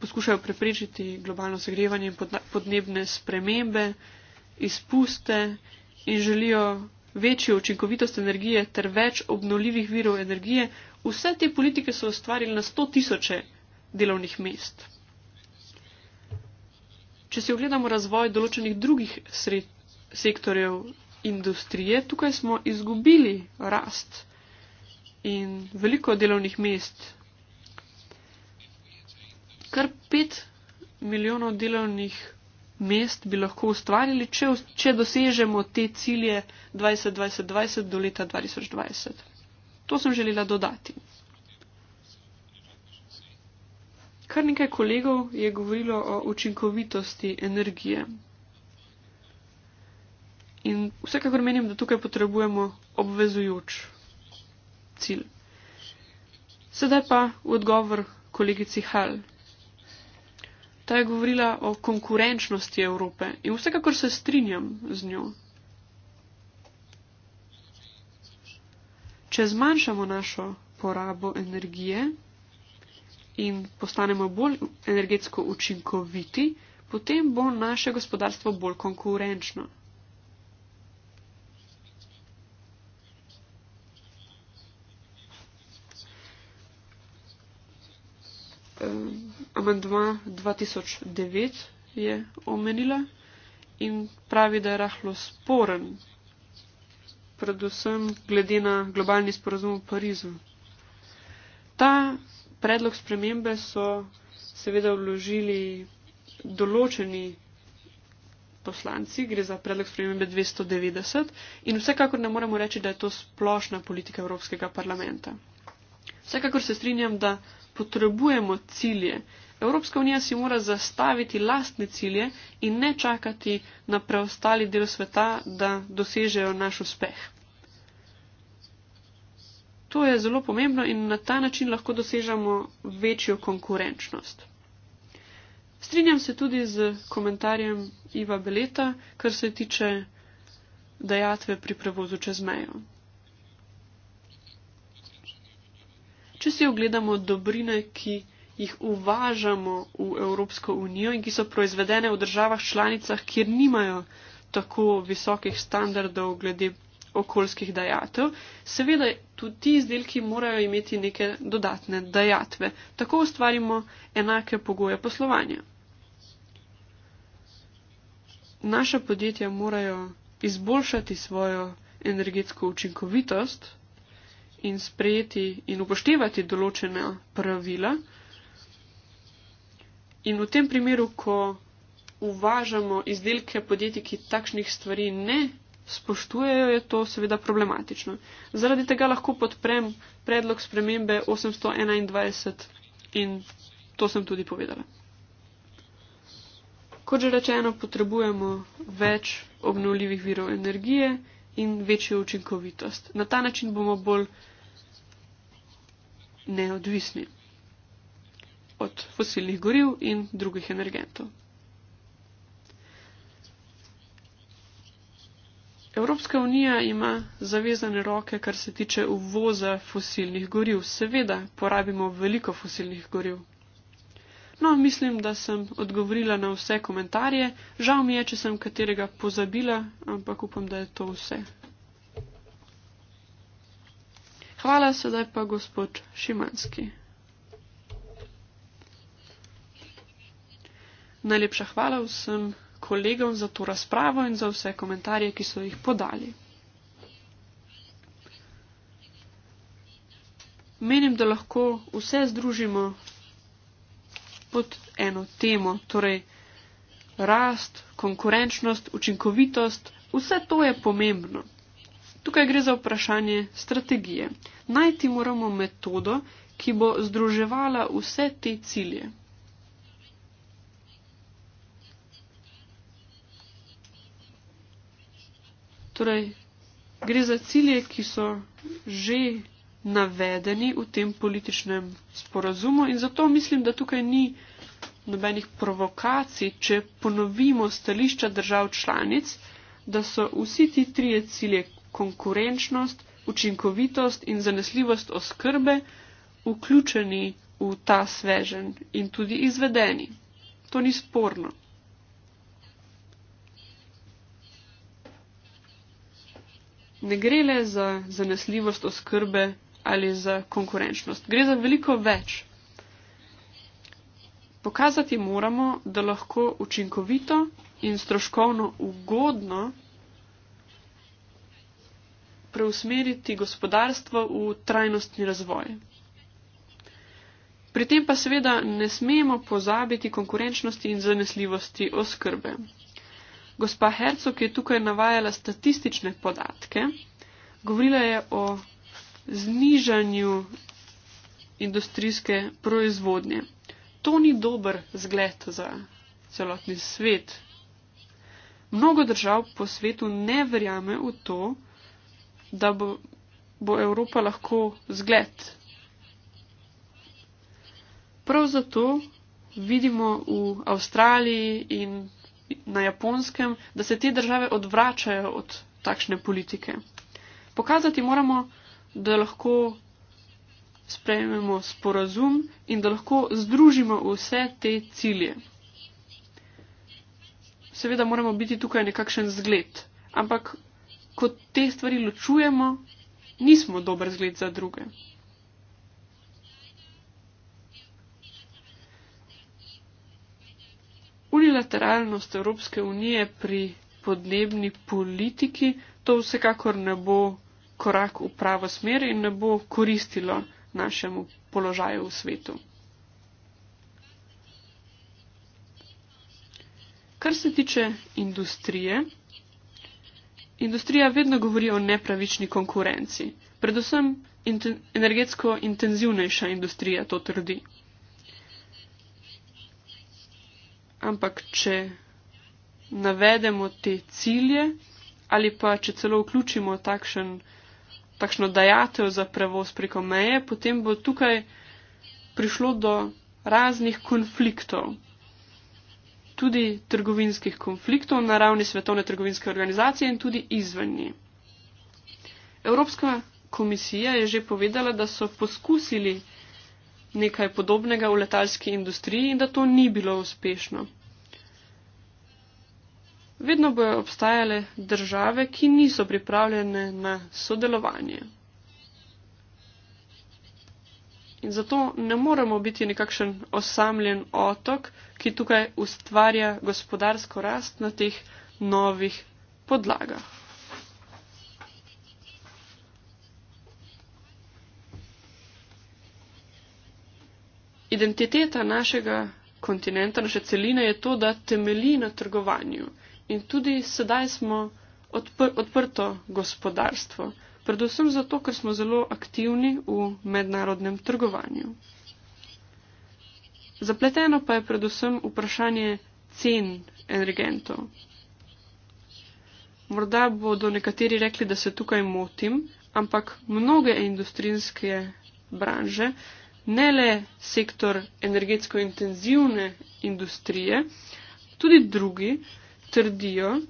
poskušajo preprečiti globalno segrevanje in podnebne spremembe, izpuste in želijo večjo učinkovitost energije ter več obnoljivih virov energije, vse te politike so ustvarile na sto tisoče delovnih mest. Če si ogledamo razvoj določenih drugih sred, sektorjev industrije, tukaj smo izgubili rast in veliko delovnih mest. Kar pet milijonov delovnih mest bi lahko ustvarili, če, če dosežemo te cilje 2020-2020 do leta 2020. To sem želela dodati. Kar nekaj kolegov je govorilo o učinkovitosti energije. In vsekakor menim, da tukaj potrebujemo obvezujoč cilj. Sedaj pa v odgovor kolegici Hal. Ta je govorila o konkurenčnosti Evrope in vsekakor se strinjam z njo. Če zmanjšamo našo porabo energije, in postanemo bolj energetsko učinkoviti, potem bo naše gospodarstvo bolj konkurenčno. Eh, amandma 2009 je omenila in pravi, da je rahlo sporen, predvsem glede na globalni sporozum v Parizu. Ta predlog spremembe so seveda vložili določeni poslanci, gre za predlog spremembe 290 in vsekakor ne moremo reči, da je to splošna politika Evropskega parlamenta. Vsekakor se strinjam, da potrebujemo cilje. Evropska unija si mora zastaviti lastne cilje in ne čakati na preostali del sveta, da dosežejo naš uspeh. To je zelo pomembno in na ta način lahko dosežemo večjo konkurenčnost. Strinjam se tudi z komentarjem Iva Beleta, kar se tiče dejatve pri prevozu čez mejo. Če si ogledamo dobrine, ki jih uvažamo v Evropsko unijo in ki so proizvedene v državah članicah, kjer nimajo tako visokih standardov glede okoljskih dajatev, seveda tudi ti izdelki morajo imeti neke dodatne dajatve. Tako ustvarimo enake pogoje poslovanja. Naša podjetja morajo izboljšati svojo energetsko učinkovitost in sprejeti in upoštevati določena pravila. In v tem primeru, ko uvažamo izdelke podjetij, ki takšnih stvari ne spoštujejo, je to seveda problematično. Zaradi tega lahko podprem predlog spremembe 821 in to sem tudi povedala. Kot že rečeno, potrebujemo več obnovljivih virov energije in večjo učinkovitost. Na ta način bomo bolj neodvisni od fosilnih goriv in drugih energentov. Evropska unija ima zavezane roke, kar se tiče uvoza fosilnih goriv. Seveda, porabimo veliko fosilnih goriv. No, mislim, da sem odgovorila na vse komentarje. Žal mi je, če sem katerega pozabila, ampak upam, da je to vse. Hvala, sedaj pa gospod Šimanski. Najlepša hvala vsem kolegom za to razpravo in za vse komentarje, ki so jih podali. Menim, da lahko vse združimo pod eno temo, torej rast, konkurenčnost, učinkovitost, vse to je pomembno. Tukaj gre za vprašanje strategije. Najti moramo metodo, ki bo združevala vse te cilje. Torej, gre za cilje, ki so že navedeni v tem političnem sporazumu in zato mislim, da tukaj ni nobenih provokacij, če ponovimo stališča držav članic, da so vsi ti trije cilje konkurenčnost, učinkovitost in zanesljivost oskrbe vključeni v ta svežen in tudi izvedeni. To ni sporno. ne gre le za zanesljivost oskrbe ali za konkurenčnost. Gre za veliko več. Pokazati moramo, da lahko učinkovito in stroškovno ugodno preusmeriti gospodarstvo v trajnostni razvoj. Pri tem pa seveda ne smemo pozabiti konkurenčnosti in zanesljivosti oskrbe. Gospa Herco, ki je tukaj navajala statistične podatke, govorila je o znižanju industrijske proizvodnje. To ni dober zgled za celotni svet. Mnogo držav po svetu ne verjame v to, da bo, bo Evropa lahko zgled. Prav zato vidimo v Avstraliji in na japonskem, da se te države odvračajo od takšne politike. Pokazati moramo, da lahko sprejmemo sporazum in da lahko združimo vse te cilje. Seveda moramo biti tukaj nekakšen zgled, ampak ko te stvari ločujemo, nismo dober zgled za druge. unilateralnost Evropske unije pri podnebni politiki, to vsekakor ne bo korak v pravo smer in ne bo koristilo našemu položaju v svetu. Kar se tiče industrije, industrija vedno govori o nepravični konkurenci. Predvsem energetsko intenzivnejša industrija to trdi. ampak če navedemo te cilje ali pa če celo vključimo takšen, takšno dajatev za prevoz preko meje, potem bo tukaj prišlo do raznih konfliktov. Tudi trgovinskih konfliktov na ravni Svetovne trgovinske organizacije in tudi izvenji. Evropska komisija je že povedala, da so poskusili nekaj podobnega v letalski industriji in da to ni bilo uspešno. Vedno bojo obstajale države, ki niso pripravljene na sodelovanje. In zato ne moremo biti nekakšen osamljen otok, ki tukaj ustvarja gospodarsko rast na teh novih podlagah. identiteta našega kontinenta, naše celine je to, da temelji na trgovanju. In tudi sedaj smo odpr odprto gospodarstvo. Predvsem zato, ker smo zelo aktivni v mednarodnem trgovanju. Zapleteno pa je predvsem vprašanje cen energentov. Morda bodo nekateri rekli, da se tukaj motim, ampak mnoge industrijske branže ne le sektor energetsko intenzivne industrije, tudi drugi trdijo,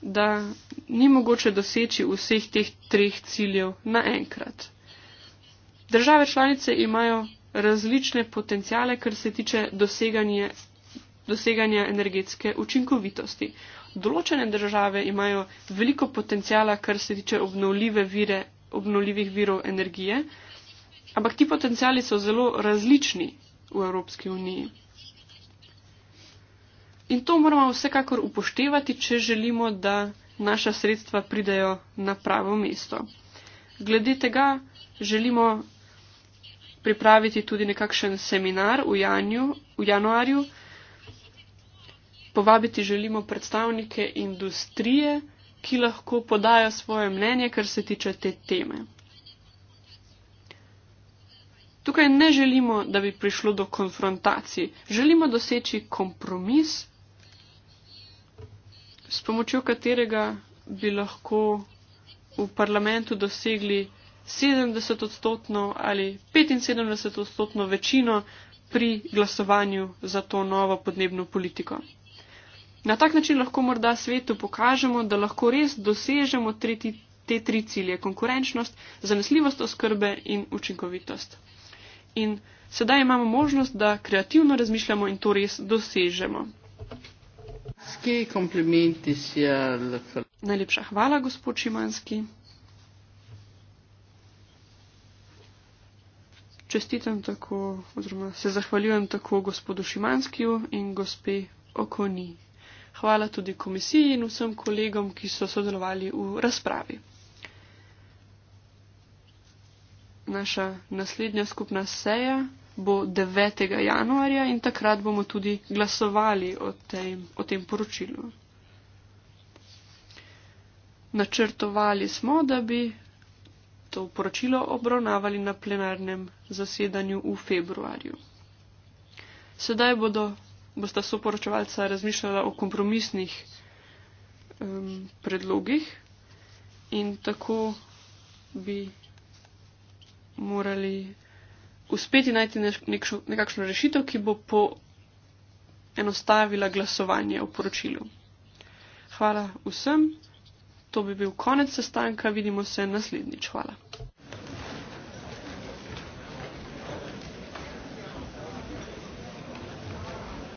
da ni mogoče doseči vseh teh treh ciljev naenkrat. Države članice imajo različne potencijale, kar se tiče doseganje, doseganja energetske učinkovitosti. Določene države imajo veliko potencijala, kar se tiče obnovljive vire, obnovljivih virov energije, Ampak ti potencijali so zelo različni v Evropski uniji. In to moramo vsekakor upoštevati, če želimo, da naša sredstva pridejo na pravo mesto. Glede tega želimo pripraviti tudi nekakšen seminar v, janju, v januarju. Povabiti želimo predstavnike industrije, ki lahko podajo svoje mnenje, kar se tiče te teme. Tukaj ne želimo, da bi prišlo do konfrontacij, želimo doseči kompromis, s pomočjo katerega bi lahko v parlamentu dosegli 70-odstotno ali 75-odstotno večino pri glasovanju za to novo podnebno politiko. Na tak način lahko morda svetu pokažemo, da lahko res dosežemo tretji, te tri cilje: konkurenčnost, zanesljivost oskrbe in učinkovitost in sedaj imamo možnost, da kreativno razmišljamo in to res dosežemo. Najlepša hvala, gospod Šimanski. Čestitam tako, oziroma se zahvaljujem tako gospodu Šimanskiju in gospe Okoni. Hvala tudi komisiji in vsem kolegom, ki so sodelovali v razpravi. naša naslednja skupna seja bo 9. januarja in takrat bomo tudi glasovali o tem, o tem poročilu. Načrtovali smo, da bi to poročilo obravnavali na plenarnem zasedanju v februarju. Sedaj bodo, bosta soporočevalca razmišljala o kompromisnih um, predlogih in tako bi morali uspeti najti nekšo, nekakšno rešitev, ki bo poenostavila glasovanje o poročilu. Hvala vsem. To bi bil konec sestanka. Vidimo se naslednjič. Hvala.